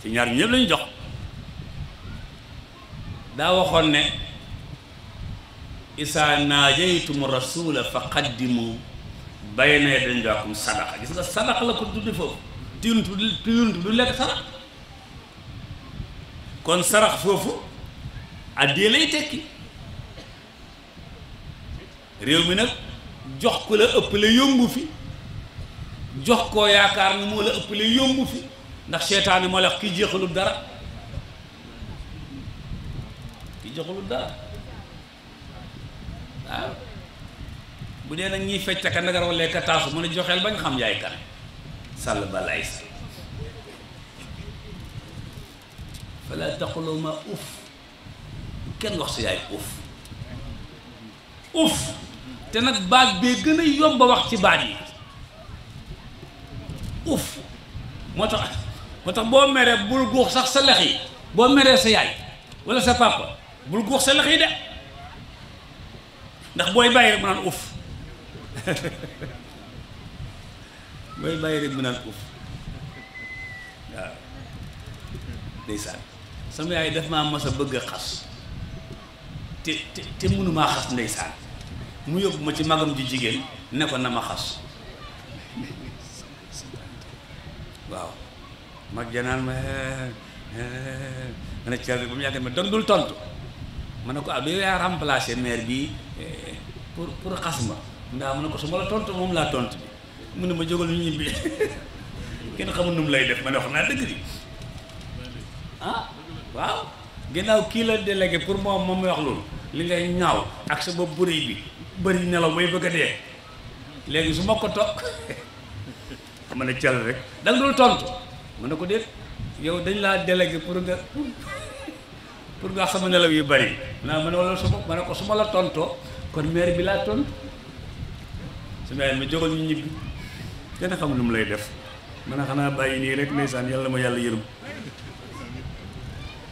ci ñaar ñëpp lañu jox daa waxoon ne isaa naajaytum rasula fa qaddimu bay na yedda njookum sadaxa gis nga sadax la ko tuddi foofu te yuntu te du lekk sarax kon sarax foofu addee lay tekki réew mi nag jox ko la ëpp la yombu fi jox koo yaakaar ni moo la ëpp la yombu fi ndax seetaani moo la ki jeexalul dara ki jeexalul dara waaw bu dee nag ñiy fecc ka nag rawlee ka taasu mu ne joxeel bañ xam yaay kan sàll ba lay sa fala taquloo ma uf kenn wax si yaay uf uf te nag baat bee gën a yomb wax ci baat yi uf moo tax moo tax boo meree bul guux sax sa lex yi boo meree sa yaay wala sa papa bul guux sa lex yi de ndax booy bàyyi rek mu naan uf [LAUGHS] mooy bàyyi rek mu naan uuf waaw ndeysaan sama yaay daf maa mos a bëgg a xas te te te mënumaa xas ndeysaan mu yóbbu ma ci magam ji jigéen ne ko na ma xas [LAUGHS] waaw mag janaan ma ma ne ba mu yàgg ma dog tontu ma ne ko ah yow yaa remplacé maire bi eh, pour pour xas ma. naa mu ne ko su ma la tontu moom laa tontu bi mu ne ma jógal ñu ñibbi [LAUGHS] kenn a nu mu lay def ma ne wax naa dëgg di ah waaw ginnaaw kii la délégué pour moom moom muy wax loolu li ngay ñaaw ak sa boobu bu rëy bi bëri nelaw bay bëgg a dee léegi su ma ko toog [LAUGHS] ma a cal rek danga dul tontu mu ne ko déet yow dañ laa délégué pour nga [LAUGHS] pour nga sama nelaw yu bëri naa ma ne wala su ma ma ne ko su la tontoo kon maire bi laa tontu Ibrahima ma jógal ñu ñibbi kenn xam lu mu lay def man a xanaa bàyyi nii rek ndeysaan yàlla ma yàlla yërëm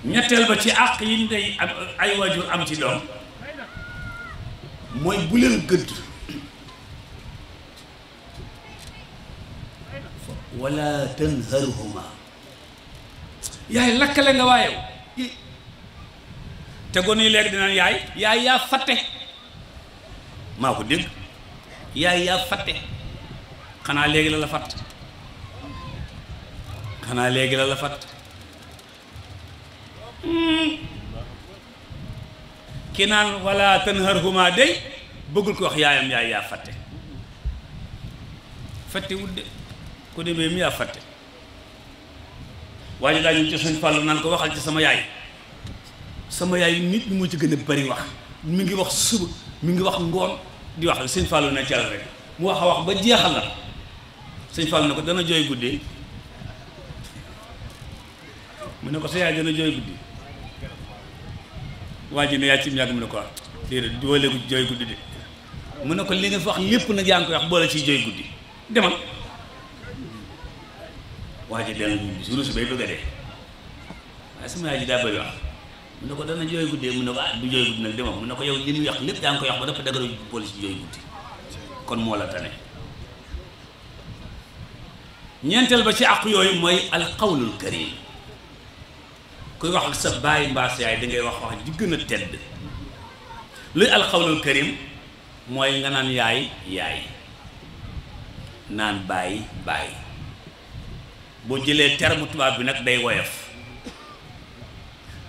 ñetteel ba ci àq yi ndey ak ay waajur am ci doom mooy bu leen gëdd wala tanharhuma yaay lakkale nga waayew te gone yi léegi dinaan yaay yaay yaa fatte maa ko dégg yaay yaa fàtte xanaa léegi la la fàtt xanaa léegi la la fàtt hmm. ki naan wala tanharhuma day bëggul ko wax yaayam yaay yaa fàtte fatte wut de ku demee mu yaa fàtte waaye daa ñu ci suñ fàllu naan ko waxal ci sama yaay sama yaay nit ñi moo ci gën a bari wax mi ngi wax suba mi ngi wax ngoon di wax sëñ Fallou ne ci rek mu wax a wax ba jeexal na sëñ Fallou ne ko dana jooy guddee mu ne ko sa yaay dana jooy guddi waa ji ne yaa ci ñàkk mu ne ko ah déedéet boole ko jooy guddi de mu ne ko li nga fi wax lépp nag yaa ngi koy wax boole ci jooy guddi demal waa ji dellu suuru si bay bëgg a waaye sama yaay ji daa bëri wax. mu ne ko dana jooy guddee mu ne ko ah du jooy guddi nag demoom mu ne ko yow li mu yàq lépp daa nga ko yàq ba dafa dagaro police jooy guddi kon moo la tane ñeenteel ba ci àq yooyu mooy alqawlul karim kuy wax ak sa baay mbaa sa yaay dangay wax wax ji gën a tedd luy alqawlul karim mooy nga naan yaay yaay naan baay baay boo jëlee terme tubaab bi nag day woyof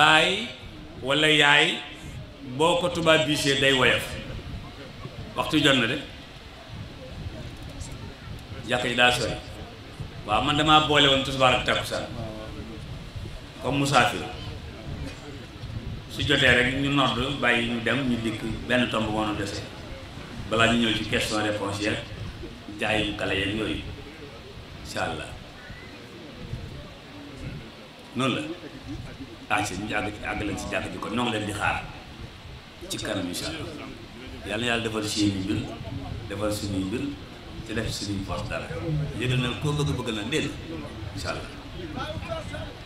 baay walla yaay boo ko tubaab biisee day woyof waxtu jot na de jàkk ji daa sori waaw man damaa boole woon tisbaar ak takkusaan comme musaafir su jotee rek ñu nodd bàyyi ñu dem ñu dikk benn tomb moo nu dese balaa ñu ñëw ci question réponse yeeg kala yeeg yooyu incha allah noonu la acca ñu àgg àgg leen si jàkk ji kon ñoo leen di xaar ci kanam incha allah yàlla yàlla defal suñuy mbir defal suñuy mbir ci def suñuy force dara yéen a ne koo bëgg bëgg na ndéll incha allah.